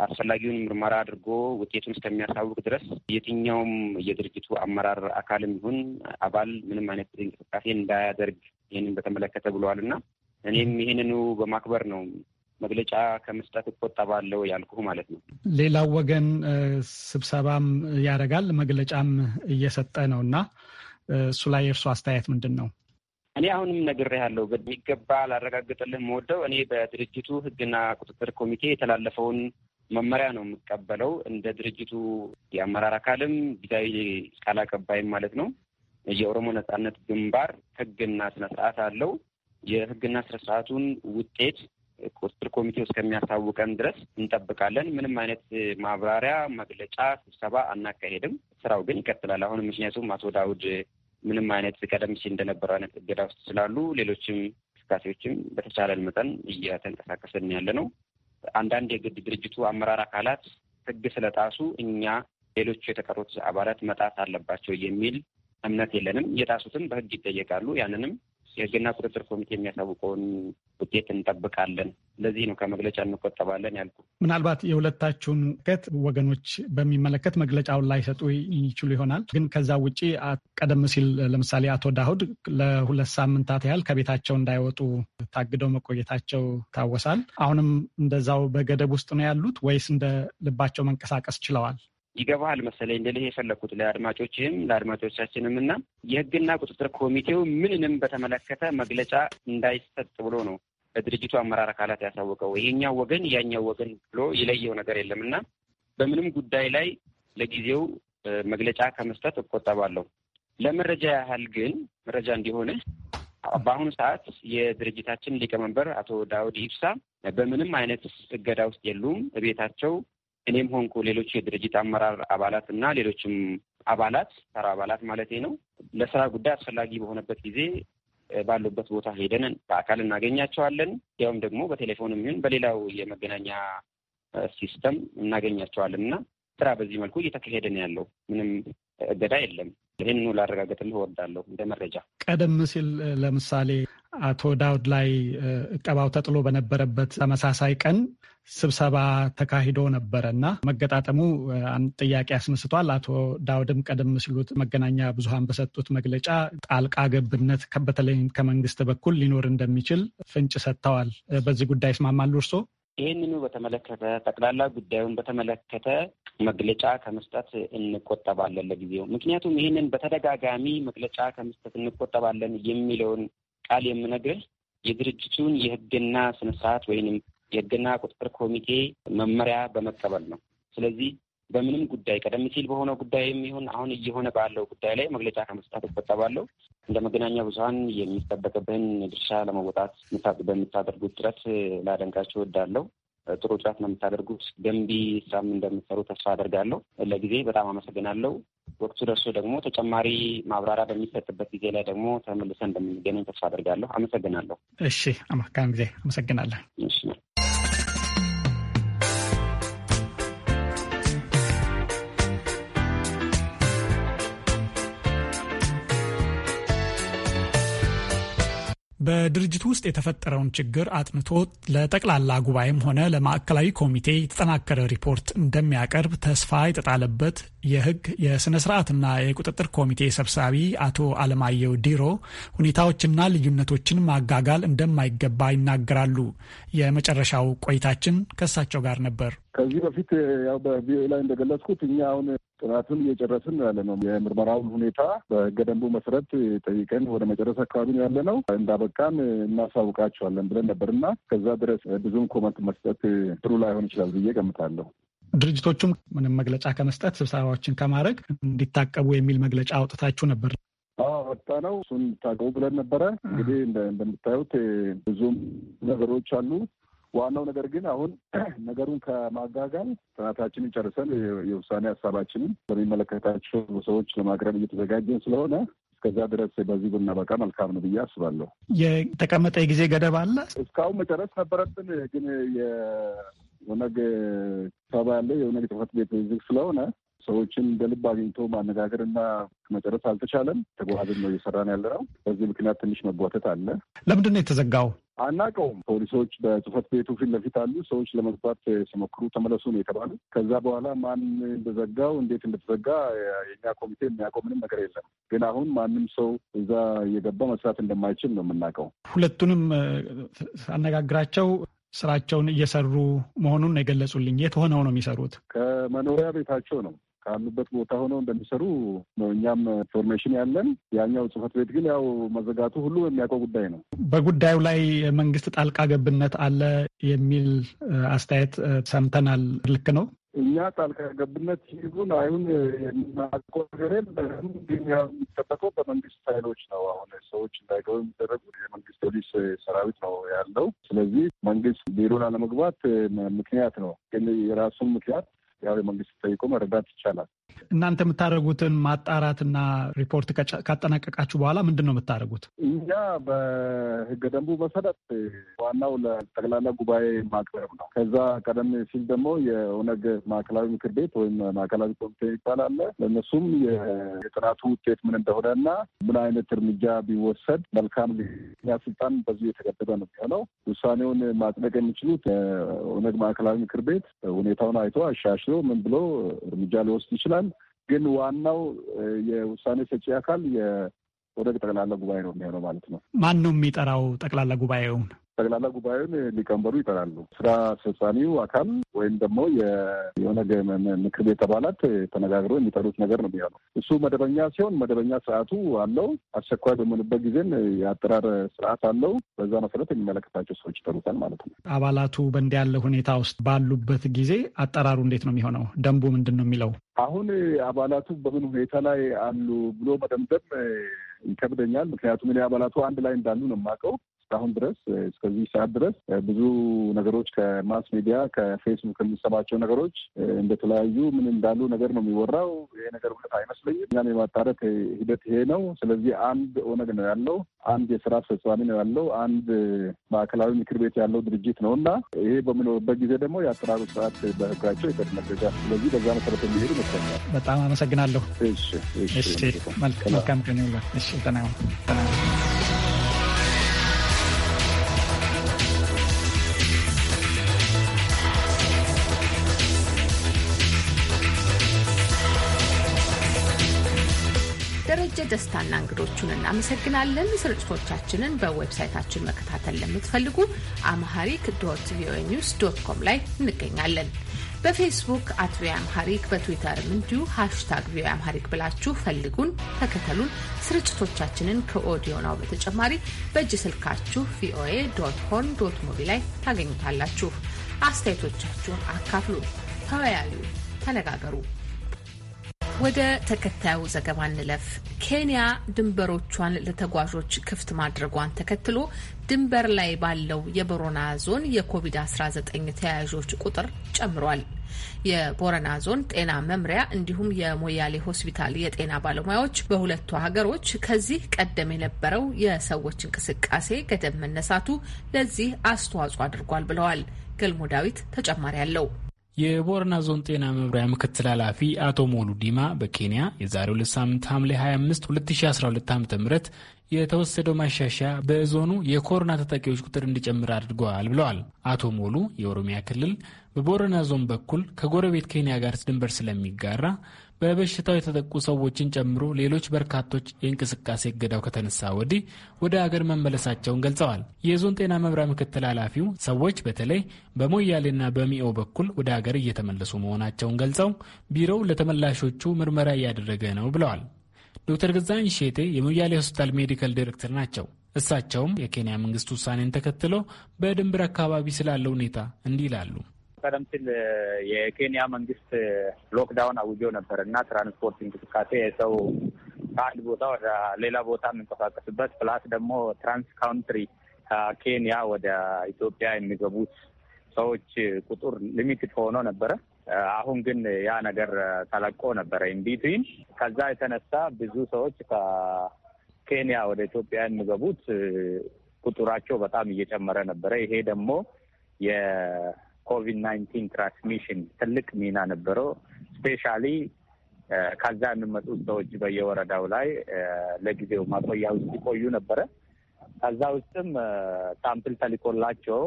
አስፈላጊውን ምርመራ አድርጎ ውጤቱን እስከሚያሳውቅ ድረስ የትኛውም የድርጅቱ አመራር አካልም ይሁን አባል ምንም አይነት እንቅስቃሴ እንዳያደርግ ይህንን በተመለከተ ብለዋል እና እኔም ይህንኑ በማክበር ነው መግለጫ ከመስጠት እቆጠባለሁ ያልኩ ማለት ነው። ሌላው ወገን ስብሰባም ያደርጋል መግለጫም እየሰጠ ነው እና እሱ ላይ የእርሱ አስተያየት ምንድን ነው? እኔ አሁንም ነግሬሃለሁ በሚገባ ላረጋግጥልህ መወደው እኔ በድርጅቱ ህግና ቁጥጥር ኮሚቴ የተላለፈውን መመሪያ ነው የምቀበለው። እንደ ድርጅቱ የአመራር አካልም ጊዜያዊ ቃል አቀባይም ማለት ነው። የኦሮሞ ነጻነት ግንባር ህግና ስነስርዓት አለው። የህግና ስነስርዓቱን ውጤት ቁጥጥር ኮሚቴው እስከሚያሳውቀን ድረስ እንጠብቃለን። ምንም አይነት ማብራሪያ፣ መግለጫ፣ ስብሰባ አናካሄድም። ስራው ግን ይቀጥላል። አሁን ምክንያቱም አቶ ዳውድ ምንም አይነት ቀደም ሲል እንደነበረው አይነት እገዳ ውስጥ ስላሉ ሌሎችም እንቅስቃሴዎችም በተቻለን መጠን እየተንቀሳቀስን ያለ ነው። አንዳንድ የግድ ድርጅቱ አመራር አካላት ህግ ስለጣሱ እኛ ሌሎቹ የተቀሩት አባላት መጣት አለባቸው የሚል እምነት የለንም። የጣሱትም በህግ ይጠየቃሉ። ያንንም የህግና ቁጥጥር ኮሚቴ የሚያሳውቀውን ውጤት እንጠብቃለን። ለዚህ ነው ከመግለጫ እንቆጠባለን ያልኩ። ምናልባት የሁለታችሁን ውቀት ወገኖች በሚመለከት መግለጫውን ላይ ሰጡ ይችሉ ይሆናል። ግን ከዛ ውጪ ቀደም ሲል ለምሳሌ አቶ ዳሁድ ለሁለት ሳምንታት ያህል ከቤታቸው እንዳይወጡ ታግደው መቆየታቸው ይታወሳል። አሁንም እንደዛው በገደብ ውስጥ ነው ያሉት ወይስ እንደ ልባቸው መንቀሳቀስ ችለዋል? ይገባሃል መሰለኝ ልልህ የፈለግኩት ለአድማጮችህም ለአድማጮቻችንም እና የህግና ቁጥጥር ኮሚቴው ምንንም በተመለከተ መግለጫ እንዳይሰጥ ብሎ ነው ለድርጅቱ አመራር አካላት ያሳወቀው። ይሄኛው ወገን ያኛው ወገን ብሎ የለየው ነገር የለም እና በምንም ጉዳይ ላይ ለጊዜው መግለጫ ከመስጠት እቆጠባለሁ። ለመረጃ ያህል ግን መረጃ እንዲሆንህ በአሁኑ ሰዓት የድርጅታችን ሊቀመንበር አቶ ዳውድ ኢብሳ በምንም አይነት እገዳ ውስጥ የሉም። ቤታቸው እኔም ሆንኩ ሌሎች የድርጅት አመራር አባላት እና ሌሎችም አባላት ተራ አባላት ማለት ነው ለስራ ጉዳይ አስፈላጊ በሆነበት ጊዜ ባሉበት ቦታ ሄደን በአካል እናገኛቸዋለን። ያውም ደግሞ በቴሌፎን ይሁን በሌላው የመገናኛ ሲስተም እናገኛቸዋለን እና ስራ በዚህ መልኩ እየተካሄደ ነው ያለው። ምንም እገዳ የለም። ይህን ላረጋገጥልህ እወዳለሁ እንደ መረጃ። ቀደም ሲል ለምሳሌ አቶ ዳውድ ላይ እቀባው ተጥሎ በነበረበት ተመሳሳይ ቀን ስብሰባ ተካሂዶ ነበረ እና መገጣጠሙ ጥያቄ አስነስቷል። አቶ ዳውድም ቀደም ሲሉት መገናኛ ብዙሃን በሰጡት መግለጫ ጣልቃ ገብነት በተለይም ከመንግስት በኩል ሊኖር እንደሚችል ፍንጭ ሰጥተዋል። በዚህ ጉዳይ ይስማማሉ እርሶ? ይህንኑ በተመለከተ ጠቅላላ ጉዳዩን በተመለከተ መግለጫ ከመስጠት እንቆጠባለን ለጊዜው። ምክንያቱም ይህንን በተደጋጋሚ መግለጫ ከመስጠት እንቆጠባለን የሚለውን ቃል የምነግርህ የድርጅቱን የህግና ስነስርዓት ወይም የህግና ቁጥጥር ኮሚቴ መመሪያ በመቀበል ነው። ስለዚህ በምንም ጉዳይ ቀደም ሲል በሆነ ጉዳይ ይሁን አሁን እየሆነ ባለው ጉዳይ ላይ መግለጫ ከመስጠት እቆጠባለሁ። እንደ መገናኛ ብዙኃን የሚጠበቅብህን ድርሻ ለመወጣት በምታደርጉት ጥረት ላደንቃችሁ እወዳለሁ። ጥሩ ጥረት ነው የምታደርጉት። ገንቢ ስራም እንደምትሰሩ ተስፋ አደርጋለሁ። ለጊዜ በጣም አመሰግናለሁ። ወቅቱ ደርሶ ደግሞ ተጨማሪ ማብራሪያ በሚሰጥበት ጊዜ ላይ ደግሞ ተመልሰን እንደምንገናኝ ተስፋ አደርጋለሁ። አመሰግናለሁ። እሺ፣ አማካን ጊዜ አመሰግናለሁ። በድርጅቱ ውስጥ የተፈጠረውን ችግር አጥንቶ ለጠቅላላ ጉባኤም ሆነ ለማዕከላዊ ኮሚቴ የተጠናከረ ሪፖርት እንደሚያቀርብ ተስፋ የተጣለበት የሕግ የሥነ የቁጥጥር ኮሚቴ ሰብሳቢ አቶ አለማየሁ ዲሮ ሁኔታዎችና ልዩነቶችን ማጋጋል እንደማይገባ ይናገራሉ። የመጨረሻው ቆይታችን ከእሳቸው ጋር ነበር። ከዚህ በፊት ያው በቪኦኤ ላይ እንደገለጽኩት እኛ አሁን ጥናቱን እየጨረስን ያለ ነው። የምርመራውን ሁኔታ በሕገ ደንቡ መሰረት ጠይቀን ወደ መጨረስ አካባቢ ነው ያለ ነው። እንዳበቃን እናሳውቃቸዋለን ብለን ነበርና ከዛ ድረስ ብዙም ኮመንት መስጠት ጥሩ ላይሆን ይችላል ብዬ ገምታለሁ። ድርጅቶቹም ምንም መግለጫ ከመስጠት ስብሰባዎችን ከማድረግ እንዲታቀቡ የሚል መግለጫ አውጥታችሁ ነበር። ወጣ ነው እሱን ታገቡ ብለን ነበረ። እንግዲህ እንደምታዩት ብዙም ነገሮች አሉ። ዋናው ነገር ግን አሁን (clears throat) ነገሩን ከማጋጋል ጥናታችንን ጨርሰን የውሳኔ ሀሳባችንን በሚመለከታቸው ሰዎች ለማቅረብ እየተዘጋጀን ስለሆነ እስከዛ ድረስ በዚህ ብናበቃ መልካም ነው ብዬ አስባለሁ። የተቀመጠ የጊዜ ገደብ አለ። እስካሁን መጨረስ ነበረብን ግን የኦነግ ሰባ ያለ የኦነግ ጽሕፈት ቤት ዝግ ስለሆነ ሰዎችን በልብ አግኝቶ ማነጋገርና መጨረስ አልተቻለም። ተጓዝን ነው እየሰራን ያለ ነው። በዚህ ምክንያት ትንሽ መጓተት አለ። ለምንድን ነው የተዘጋው? አናቀውም ፖሊሶች በጽህፈት ቤቱ ፊት ለፊት አሉ። ሰዎች ለመግባት ሲሞክሩ ተመለሱ ነው የተባሉ። ከዛ በኋላ ማን እንደዘጋው እንዴት እንደተዘጋ የኛ ኮሚቴ የሚያውቀው ምንም ነገር የለም። ግን አሁን ማንም ሰው እዛ እየገባ መስራት እንደማይችል ነው የምናውቀው። ሁለቱንም ሳነጋግራቸው ስራቸውን እየሰሩ መሆኑን የገለጹልኝ። የት ሆነው ነው የሚሰሩት? ከመኖሪያ ቤታቸው ነው ካሉበት ቦታ ሆነው እንደሚሰሩ ነው እኛም ኢንፎርሜሽን ያለን። ያኛው ጽህፈት ቤት ግን ያው መዘጋቱ ሁሉ የሚያውቀው ጉዳይ ነው። በጉዳዩ ላይ የመንግስት ጣልቃ ገብነት አለ የሚል አስተያየት ሰምተናል። ልክ ነው። እኛ ጣልቃ ገብነት ይሁን አይሁን የምናውቀው ነገር የለም። ግን የሚጠበቀው በመንግስት ኃይሎች ነው። አሁን ሰዎች እንዳይገቡ የሚደረጉ የመንግስት ፖሊስ ሰራዊት ነው ያለው። ስለዚህ መንግስት ቢሮን አለመግባት ምክንያት ነው። ግን የራሱን ምክንያት ያው የመንግስት ጠይቆ መረዳት ይቻላል። እናንተ የምታደርጉትን ማጣራትና ሪፖርት ካጠናቀቃችሁ በኋላ ምንድን ነው የምታደርጉት? እኛ በህገ ደንቡ መሰረት ዋናው ለጠቅላላ ጉባኤ ማቅረብ ነው። ከዛ ቀደም ሲል ደግሞ የኦነግ ማዕከላዊ ምክር ቤት ወይም ማዕከላዊ ኮሚቴ ይባላል። ለእነሱም የጥናቱ ውጤት ምን እንደሆነ እና ምን አይነት እርምጃ ቢወሰድ መልካም ሊኛ ስልጣን በዚሁ የተገደበ ነው የሚሆነው። ውሳኔውን ማጽደቅ የሚችሉት የኦነግ ማዕከላዊ ምክር ቤት ሁኔታውን አይቶ አሻሽሎ ምን ብሎ እርምጃ ሊወስድ ይችላል። ግን ዋናው የውሳኔ ሰጪ አካል የኦነግ ጠቅላላ ጉባኤ ነው የሚሆነው ማለት ነው። ማን ነው የሚጠራው ጠቅላላ ጉባኤውን? ጠቅላላ ጉባኤውን ሊቀመንበሩ ይጠራሉ። ስራ አስፈጻሚው አካል ወይም ደግሞ የኦነግ ምክር ቤት አባላት ተነጋግረው የሚጠሩት ነገር ነው የሚሆነው። እሱ መደበኛ ሲሆን መደበኛ ስርዓቱ አለው። አስቸኳይ በምንበት ጊዜም የአጠራር ስርዓት አለው። በዛ መሰረት የሚመለከታቸው ሰዎች ይጠሩታል ማለት ነው። አባላቱ በእንዲህ ያለ ሁኔታ ውስጥ ባሉበት ጊዜ አጠራሩ እንዴት ነው የሚሆነው? ደንቡ ምንድን ነው የሚለው? አሁን አባላቱ በምን ሁኔታ ላይ አሉ ብሎ መደምደም ይከብደኛል። ምክንያቱም እኔ አባላቱ አንድ ላይ እንዳሉ ነው የማውቀው። እስካሁን ድረስ እስከዚህ ሰዓት ድረስ ብዙ ነገሮች ከማስ ሚዲያ ከፌስቡክ የሚሰማቸው ነገሮች እንደተለያዩ ምን እንዳሉ ነገር ነው የሚወራው። ይሄ ነገር እውነት አይመስለኝም። እኛም የማጣረት ሂደት ይሄ ነው። ስለዚህ አንድ ኦነግ ነው ያለው፣ አንድ የስራ አስፈጻሚ ነው ያለው፣ አንድ ማዕከላዊ ምክር ቤት ያለው ድርጅት ነው እና ይሄ በምኖርበት ጊዜ ደግሞ የአጠራሩ ስርዓት በህጋቸው የተደነገገ ስለዚህ በዛ መሰረት የሚሄዱ ይመስለኛል። በጣም አመሰግናለሁ። መልካም ቀን ይውላል። ደስታና እንግዶቹን እናመሰግናለን። ስርጭቶቻችንን በዌብሳይታችን መከታተል ለምትፈልጉ አምሃሪክ ዶት ቪኦኤ ኒውስ ዶት ኮም ላይ እንገኛለን። በፌስቡክ አት ቪኦኤ አምሃሪክ በትዊተርም እንዲሁ ሃሽታግ ቪኦኤ አምሃሪክ ብላችሁ ፈልጉን፣ ተከተሉን። ስርጭቶቻችንን ከኦዲዮ ናው በተጨማሪ በእጅ ስልካችሁ ቪኦኤ ዶት ሆን ዶት ሞቢ ላይ ታገኙታላችሁ። አስተያየቶቻችሁን አካፍሉ፣ ተወያዩ፣ ተነጋገሩ። ወደ ተከታዩ ዘገባ እንለፍ። ኬንያ ድንበሮቿን ለተጓዦች ክፍት ማድረጓን ተከትሎ ድንበር ላይ ባለው የቦረና ዞን የኮቪድ-19 ተያያዦች ቁጥር ጨምሯል። የቦረና ዞን ጤና መምሪያ እንዲሁም የሞያሌ ሆስፒታል የጤና ባለሙያዎች በሁለቱ ሀገሮች ከዚህ ቀደም የነበረው የሰዎች እንቅስቃሴ ገደብ መነሳቱ ለዚህ አስተዋጽኦ አድርጓል ብለዋል። ገልሞ ዳዊት ተጨማሪ አለው። የቦረና ዞን ጤና መምሪያ ምክትል ኃላፊ አቶ ሞሉ ዲማ በኬንያ የዛሬ ሁለት ሳምንት ሐምሌ 25 2012 ዓ ም የተወሰደው ማሻሻያ በዞኑ የኮሮና ተጠቂዎች ቁጥር እንዲጨምር አድርገዋል ብለዋል። አቶ ሞሉ የኦሮሚያ ክልል በቦረና ዞን በኩል ከጎረቤት ኬንያ ጋር ድንበር ስለሚጋራ በበሽታው የተጠቁ ሰዎችን ጨምሮ ሌሎች በርካቶች የእንቅስቃሴ እገዳው ከተነሳ ወዲህ ወደ አገር መመለሳቸውን ገልጸዋል። የዞን ጤና መምሪያ ምክትል ኃላፊው ሰዎች በተለይ በሞያሌና በሚኦ በኩል ወደ አገር እየተመለሱ መሆናቸውን ገልጸው ቢሮው ለተመላሾቹ ምርመራ እያደረገ ነው ብለዋል። ዶክተር ገዛኝ ሼቴ የሞያሌ ሆስፒታል ሜዲካል ዲሬክተር ናቸው። እሳቸውም የኬንያ መንግስት ውሳኔን ተከትሎ በድንበር አካባቢ ስላለው ሁኔታ እንዲህ ይላሉ። ቀደም ሲል የኬንያ መንግስት ሎክዳውን አውጆ ነበር እና ትራንስፖርት እንቅስቃሴ የሰው ከአንድ ቦታ ወደ ሌላ ቦታ የሚንቀሳቀስበት ፕላስ ደግሞ ትራንስ ካውንትሪ ከኬንያ ወደ ኢትዮጵያ የሚገቡት ሰዎች ቁጥር ሊሚትድ ሆኖ ነበረ። አሁን ግን ያ ነገር ተለቆ ነበረ ኢንቢትዊን። ከዛ የተነሳ ብዙ ሰዎች ከኬንያ ወደ ኢትዮጵያ የሚገቡት ቁጥራቸው በጣም እየጨመረ ነበረ። ይሄ ደግሞ ኮቪድ ናይንቲን ትራንስሚሽን ትልቅ ሚና ነበረው። ስፔሻሊ ከዛ የሚመጡ ሰዎች በየወረዳው ላይ ለጊዜው ማቆያ ውስጥ ይቆዩ ነበረ። ከዛ ውስጥም ሳምፕል ተልኮላቸው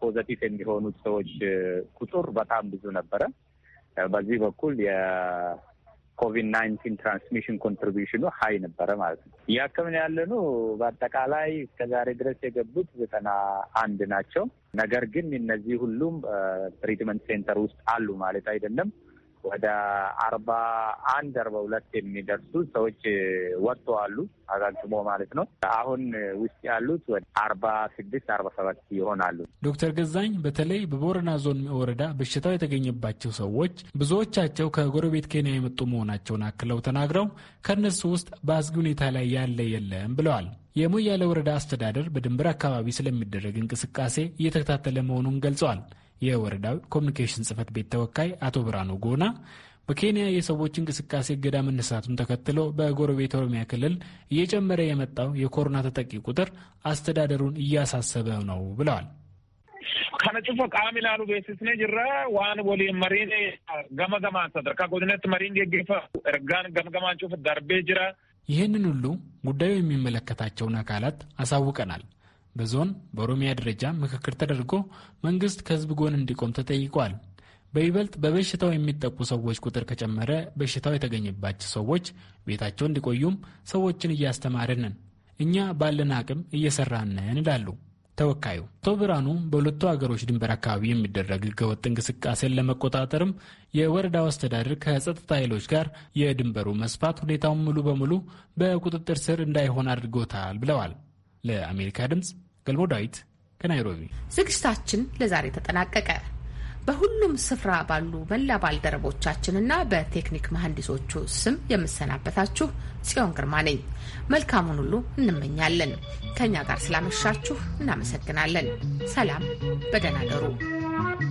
ፖዘቲቭ የሚሆኑት ሰዎች ቁጥር በጣም ብዙ ነበረ። በዚህ በኩል ኮቪድ ናይንቲን ትራንስሚሽን ኮንትሪቢሽኑ ሀይ ነበረ ማለት ነው። እያከምን ያለ ነው። በአጠቃላይ እስከዛሬ ድረስ የገቡት ዘጠና አንድ ናቸው። ነገር ግን እነዚህ ሁሉም ትሪትመንት ሴንተር ውስጥ አሉ ማለት አይደለም። ወደ አርባ አንድ አርባ ሁለት የሚደርሱ ሰዎች ወጥተዋሉ። አጋግሞ ማለት ነው። አሁን ውስጥ ያሉት ወደ አርባ ስድስት አርባ ሰባት ይሆናሉ። ዶክተር ገዛኝ በተለይ በቦረና ዞን ወረዳ በሽታው የተገኘባቸው ሰዎች ብዙዎቻቸው ከጎረቤት ኬንያ የመጡ መሆናቸውን አክለው ተናግረው ከእነሱ ውስጥ በአስጊ ሁኔታ ላይ ያለ የለም ብለዋል። የሞያሌ ወረዳ አስተዳደር በድንበር አካባቢ ስለሚደረግ እንቅስቃሴ እየተከታተለ መሆኑን ገልጸዋል። የወረዳው ኮሚኒኬሽን ጽህፈት ቤት ተወካይ አቶ ብርሃኑ ጎና በኬንያ የሰዎች እንቅስቃሴ እገዳ መነሳቱን ተከትሎ በጎረቤት ኦሮሚያ ክልል እየጨመረ የመጣው የኮሮና ተጠቂ ቁጥር አስተዳደሩን እያሳሰበ ነው ብለዋል። ከነጭፎ ቃሚ ላሉ ቤሲስኔ ጅረ ዋን ወሊን መሪን ገመገማን ሰደር ጎድነት መሪን ደጌፈ እርጋን ገመገማን ጩፍ ደርቤ ጅራ ይህንን ሁሉ ጉዳዩ የሚመለከታቸውን አካላት አሳውቀናል። በዞን በኦሮሚያ ደረጃ ምክክር ተደርጎ መንግስት ከህዝብ ጎን እንዲቆም ተጠይቋል። በይበልጥ በበሽታው የሚጠቁ ሰዎች ቁጥር ከጨመረ በሽታው የተገኘባቸው ሰዎች ቤታቸው እንዲቆዩም ሰዎችን እያስተማርንን እኛ ባለን አቅም እየሰራንን ይላሉ ተወካዩ አቶ ብርሃኑ። በሁለቱ አገሮች ድንበር አካባቢ የሚደረግ ህገወጥ እንቅስቃሴን ለመቆጣጠርም የወረዳው አስተዳደር ከጸጥታ ኃይሎች ጋር የድንበሩ መስፋት ሁኔታውን ሙሉ በሙሉ በቁጥጥር ስር እንዳይሆን አድርጎታል ብለዋል። ለአሜሪካ ድምፅ ገልሞ ዳዊት ከናይሮቢ ዝግጅታችን ለዛሬ ተጠናቀቀ። በሁሉም ስፍራ ባሉ መላ ባልደረቦቻችንና በቴክኒክ መሐንዲሶቹ ስም የምሰናበታችሁ ጽዮን ግርማ ነኝ። መልካሙን ሁሉ እንመኛለን። ከእኛ ጋር ስላመሻችሁ እናመሰግናለን። ሰላም፣ በደህና ደሩ።